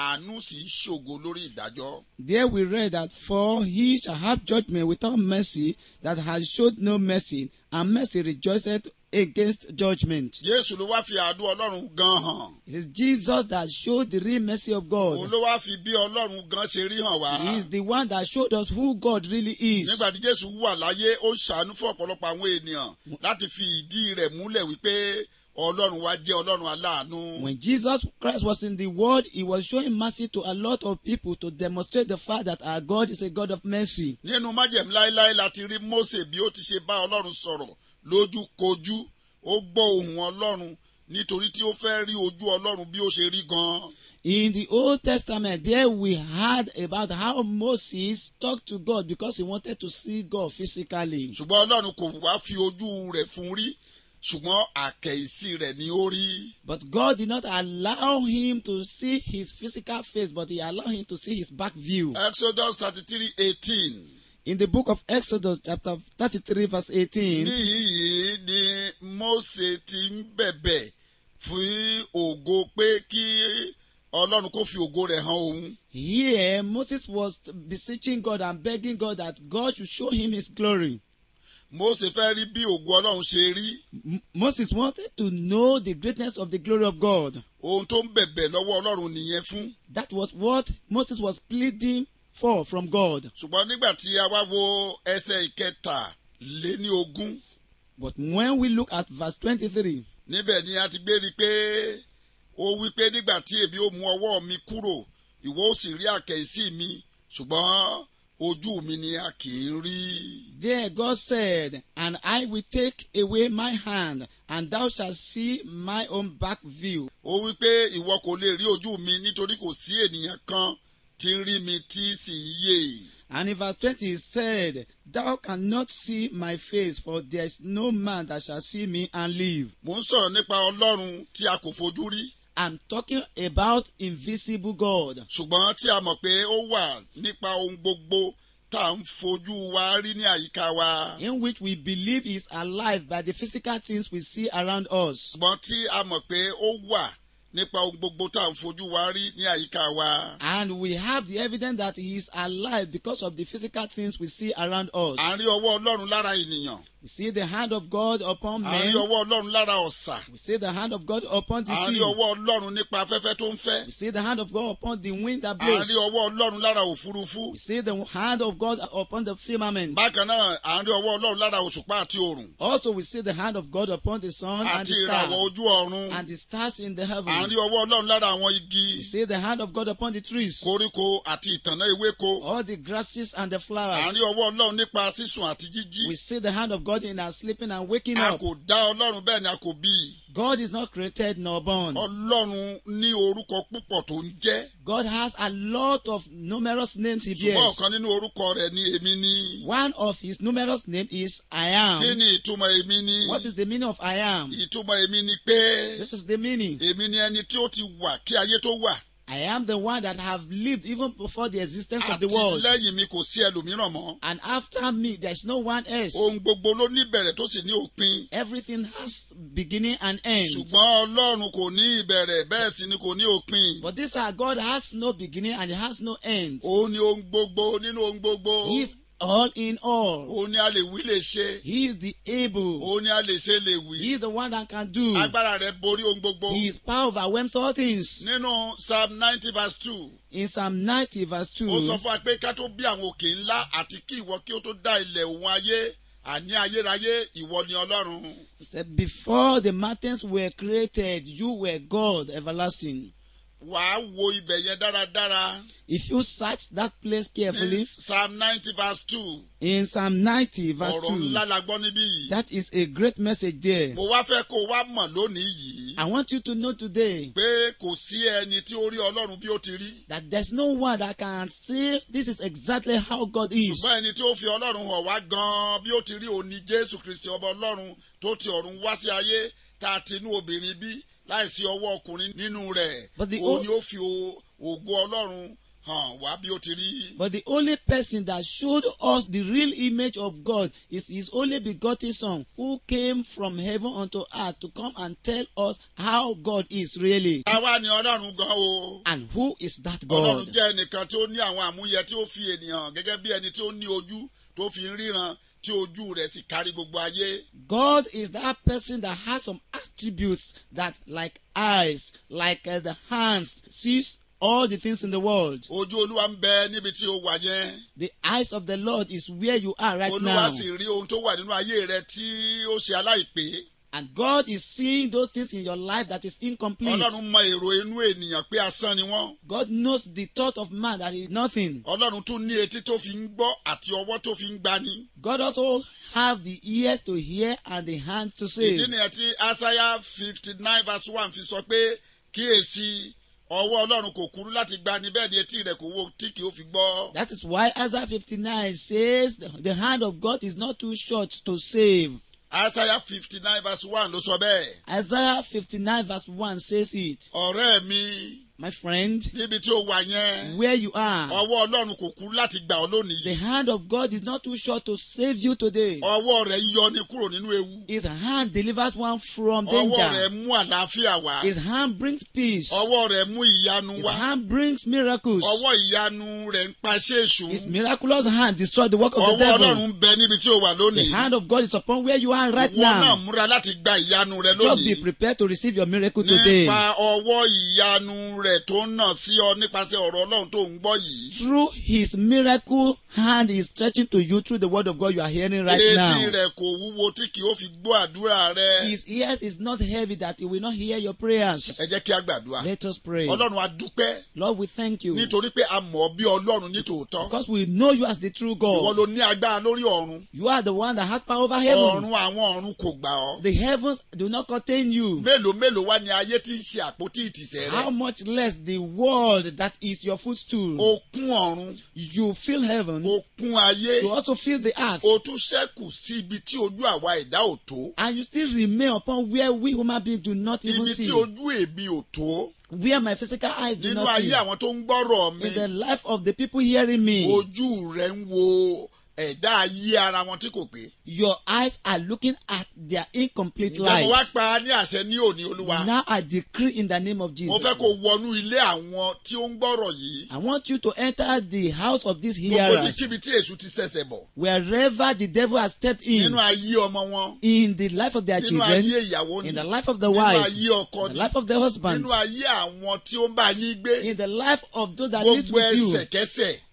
àánú sì ṣògo lórí ìdájọ́. There we read that for he shall have judgment without mercy that has showed no mercy and mercy rejoiceth against judgment. Jésù ló wá fi àánú Ọlọ́run gan hàn. It is Jesus that showed the real mercy of God. Òun ló wá fi bí Ọlọ́run gan ṣe rí hàn wá. He is the one that showed us who God really is. Nígbà tí Jésù wà láyé, ó ń ṣàánú fún ọ̀pọ̀lọpọ̀ àwọn ènìyàn láti fi ìdí rẹ̀ múlẹ̀ wípé. Ọlọ́run wa jẹ́ Ọlọ́run aláàánú. When Jesus Christ was in the world, he was showing mercy to a lot of people to demonstrate the fact that our God is a God of mercy. Nínú májẹ̀mú láéláé láti rí Mósè bí ó ti ṣe bá Ọlọ́run sọ̀rọ̀ lójúkojú, ó gbọ́ ohùn Ọlọ́run nítorí tí ó fẹ́ rí ojú Ọlọ́run bí ó ṣe rí gan-an. In the Old Testament, there we heard about how Moses talked to God because he wanted to see God physically. Ṣùgbọ́n Ọlọ́run kò wá fi ojú rẹ̀ fún rí ṣùgbọ́n àkẹ́yìsí rẹ̀ ni ó rí. But God did not allow him to see his physical face, but he allowed him to see his back view. Exodus thirty-three eighteen. In the book of Exodus chapter thirty-three verse eighteen. Níyìí ni Mósè ti ń bẹ̀bẹ̀ fún ògo pé kí. Ọlọ́run kò fi ògo rẹ̀ hàn òun. Here Moses was beseeching God and begging God that God should show him his glory. Mósè fẹ́ rí bí ògo Ọlọ́run ṣe rí. Moses wanted to know the greatness of the glory of God. Ohun tó ń bẹ̀bẹ̀ lọ́wọ́ Ọlọ́run nìyẹn fún. That was what Moses was pleading for from God. Ṣùgbọ́n nígbà tí a wá wo ẹsẹ̀ ìkẹta lé ní ogún. But when we look at verse twenty-three. Níbẹ̀ ni a ti gbé rí pé ó wí pé nígbà tí èmi ó mú ọwọ́ mi kúrò ìwọ ó sì rí àkẹ́sí mi ṣùgbọ́n ojú mi ni a kì í rí. There God said, and I will take away my hand, and thou shalt see my own back view. Ó wí pé ìwọ kò lè rí ojú mi nítorí kò sí ènìyàn kan tí ń rí mi tí sì ń yè. And in verse twenty he said, Thou cannot see my face, for there is no man that shall see me and live. Mo ń sọ̀rọ̀ nípa Ọlọ́run tí a kò fojú rí. I'm talking about invisible God. ṣùgbọ́n tí a mọ̀ pé ó wà nípa ohun gbogbo tá à ń fojú wa rí ní àyíká wa. in which we believe is alive by the physical things we see around us. ṣùgbọ́n tí a mọ̀ pé ó wà nípa ohun gbogbo tá à ń fojú wa rí ní àyíká wa. and we have the evidence that he is alive because of the physical things we see around us. à ń rí ọwọ́ Ọlọ́run lára ènìyàn. We see the hand of God upon men. A ọwọ́ Ọlọ́run lára ọ̀sà. We see the hand of God upon the sea. A ọwọ́ Ọlọ́run nípa afẹ́fẹ́ tó ń fẹ́. We see the hand of God upon the wind that blows. A ọwọ́ Ọlọ́run lára òfurufú. We see the hand of God upon the firmament. Bákan náà, a ọwọ́ Ọlọ́run lára òṣùpá àti òrùn. Also we see the hand of God upon the sun and the stars. Àti ìràwọ̀ ojú ọ̀run. And the stars in the heaven. A ọwọ́ Ọlọ́run lára àwọn igi. We see the hand of God upon the trees. Koríko àti ìtànná ewéko. All the grasses and the flowers. A ọwọ́ Ọlọ́run nípa sísùn àti jíjí. We see the hand of God God in sleeping and waking up. A kò dá Ọlọ́run bẹ́ẹ̀ ni a kò bí God is not created nor born. Ọlọ́run ní orúkọ púpọ̀ tó ń jẹ́. God has a lot of numerous names he bears. Ṣùgbọ́n ọ̀kan nínú orúkọ rẹ̀ ni èmi ni. One of his numerous names is I am. Kí ni ìtumọ̀ èmi ni? What is the meaning of I am? Ìtumọ̀ èmi ni pé. This is the meaning. Èmi ni ẹni tí ó ti wà kí ayé tó wà. I am the one that have lived even before the existence of the world. Àtìlẹ́yìn mi kò sí ẹlòmíràn mọ́. And after me there is no one else. Ohun gbogbo ló ní ìbẹ̀rẹ̀ tó sì ní òpin. Everything has beginning and end. Ṣùgbọ́n Ọlọ́run kò ní ìbẹ̀rẹ̀ bẹ́ẹ̀ sì ni kò ní òpin. But this our God has no beginning and he has no end. Òun ni ohun gbogbo nínú ohun gbogbo. He is all in all. Òun ni a lè wí lè ṣe. He is the able. Òun ni a lè ṣe lè wí. He is the one that can do. Agbára rẹ̀ borí ohun gbogbo. His power overwhelms all things. Nínú Psalm ninety verse two. In Psalm ninety verse two. Ó sọ fún wa pé ká tó bí àwọn òkè ńlá àti kí ìwọ kí ó tó dá ilẹ̀ òun ayé àní ayérayé ìwọ ni ọlọ́run. He said before the mountains were created you were God everlasting wàá wo ibẹ̀ yẹn dáradára. if you search that place carefully. in psalm ninety verse two. in psalm ninety verse two. ọ̀rọ̀ ńlá la gbọ́ níbí yìí. that is a great message there. mo wá fẹ́ kó o wá mọ̀ lónìí yìí. I want you to know today. pé kò sí ẹni tí ó rí Ọlọ́run bí ó ti rí. that there is no one that can say this is exactly how God is. ṣùgbọ́n ẹni tí ó fi Ọlọ́run hàn wá gan-an bí ó ti rí òní Jésù Kristi ọba Ọlọ́run tó ti ọ̀run wá sí ayé tá a ti inú obìnrin bí láìsí ọwọ́ ọkùnrin nínú rẹ̀ òun ni ó fi ògo ọlọ́run hàn wá bí ó ti rí. But the only person that showed us the real image of God is his only begotten son who came from heaven unto earth to come and tell us how God is really. Àwa ni Ọlọ́run gan o. And who is that God? Ọlọ́run jẹ́ ẹnìkan tí ó ní àwọn àmúyẹ tí ó fi ènìyàn gẹ́gẹ́ bí ẹni tí ó ní ojú tó fi ń ríran tí ojú rẹ̀ sì kárí gbogbo ayé. God is that person that has some attributes that like eyes like uh, the hands sees all the things in the world. Ojú Olúwa ń bẹ níbi tí o wà yẹn. The eyes of the Lord is where you are right Olúwa now. Olúwa sì rí ohun tó wà nínú ayé rẹ tí ó ṣe aláìpé and God is seeing those things in your life that is incomplete. Ọlọ́run mọ èrò inú ènìyàn pé asán ni wọ́n. God knows the thought of man that is nothing. Ọlọ́run tún ní etí tó fi ń gbọ́ àti ọwọ́ tó fi ń gbani. God also have the ears to hear and the hands to save. Ìdí nìyẹn tí Isaiah fifty nine verse one fi sọ pé kíyèsí ọwọ́ Ọlọ́run kò kúrú láti gbani bẹ́ẹ̀ ni etí rẹ̀ kò wo tí kì ó fi gbọ́. That is why Isaiah fifty nine says the hand of God is not too short to save. Isaiah fifty nine verse one ló sọ bẹ́ẹ̀. Isaiah fifty nine verse one says it. Ọ̀rẹ́ mi. My friend. Níbi tí o wà yẹn. Where you are. Ọwọ́ Ọlọ́run kò kú láti gbà ọ́ lónìí. The hand of God is not too short to save you today. Ọwọ́ rẹ̀ yọ ni kúrò nínú ewu. His hand delivers one from danger. Ọwọ́ rẹ̀ mú àlàáfíà wá. His hand brings peace. Ọwọ́ rẹ̀ mú ìyanu wá. His hand brings miracles. Ọwọ́ ìyanu rẹ̀ ń paṣẹ èṣù. His miraculous hand destroys the work of the devil. Ọwọ́ Ọlọ́run ń bẹ níbi tí o wà lónìí. The hand of God is upon where you are right now. Ìwọ náà múra láti gba ìyanu rẹ lónìí. Just be prepared to receive your miracle today. Nípa ọwọ́ ìyanu rẹ rẹ̀ tó ń nà sí ọ nípasẹ̀ ọ̀rọ̀ ọlọ́run tó ń gbọ́ yìí. through his miracle hand he is stretching to you through the word of God you are hearing right now. etí rẹ̀ kò wúwo tí kì ó fi gbọ́ àdúrà rẹ. his ears is not heavy that he will not hear your prayers. ẹ jẹ́ kí a gbàdúrà. let us pray. ọlọ́run a dúpẹ́. Lord we thank you. nítorí pé a mọ̀ bí ọlọ́run ní tòótọ́. because we know you as the true God. ìwọ ló ní agbára lórí ọ̀run. you are the one that has power over heaven. ọ̀run àwọn ọ̀run kò gbà ọ́. the heavens do not contain you. mélòó mélòó wá ni ayé ti ń ṣe àpótí ìtìsẹ̀ rẹ. how much less bless the world that is your footstool. O kún ọ̀run. You feel heaven. O ayé. You also feel the earth. O tún ṣẹ́kù sí ibi tí ojú àwa ẹ̀dá ò tó. And you still remain upon where we human beings do not even see. Ibi tí ojú èmi ò tó. Where my physical eyes do not see. Nínú ayé àwọn tó ń gbọ́rọ̀ mi. In the life of the people hearing me. Ojú rẹ̀ ń wo ẹ̀dá ayé ara wọn tí kò pé. your eyes are looking at their incomplete life. ìjọba wa pa ní àṣẹ ní òní olúwa. now I decree in the name of Jesus. mo fẹ́ kó wọnú ilé àwọn tí ó ń gbọ́rọ̀ yìí. I want you to enter the house of these hearers. gbogbo níbi tí èṣù ti ṣẹ̀ṣẹ̀ bọ̀. wherever the devil has stepped in. nínú ayé ọmọ wọn. in the life of their children. nínú ayé ìyàwó ni. in the life of the wife. nínú ayé ọkọ ni. in the life of the husband. nínú ayé àwọn tí ó ń bá yín gbé. in the life of those that live with you. gbogbo ẹsẹ̀kẹsẹ̀.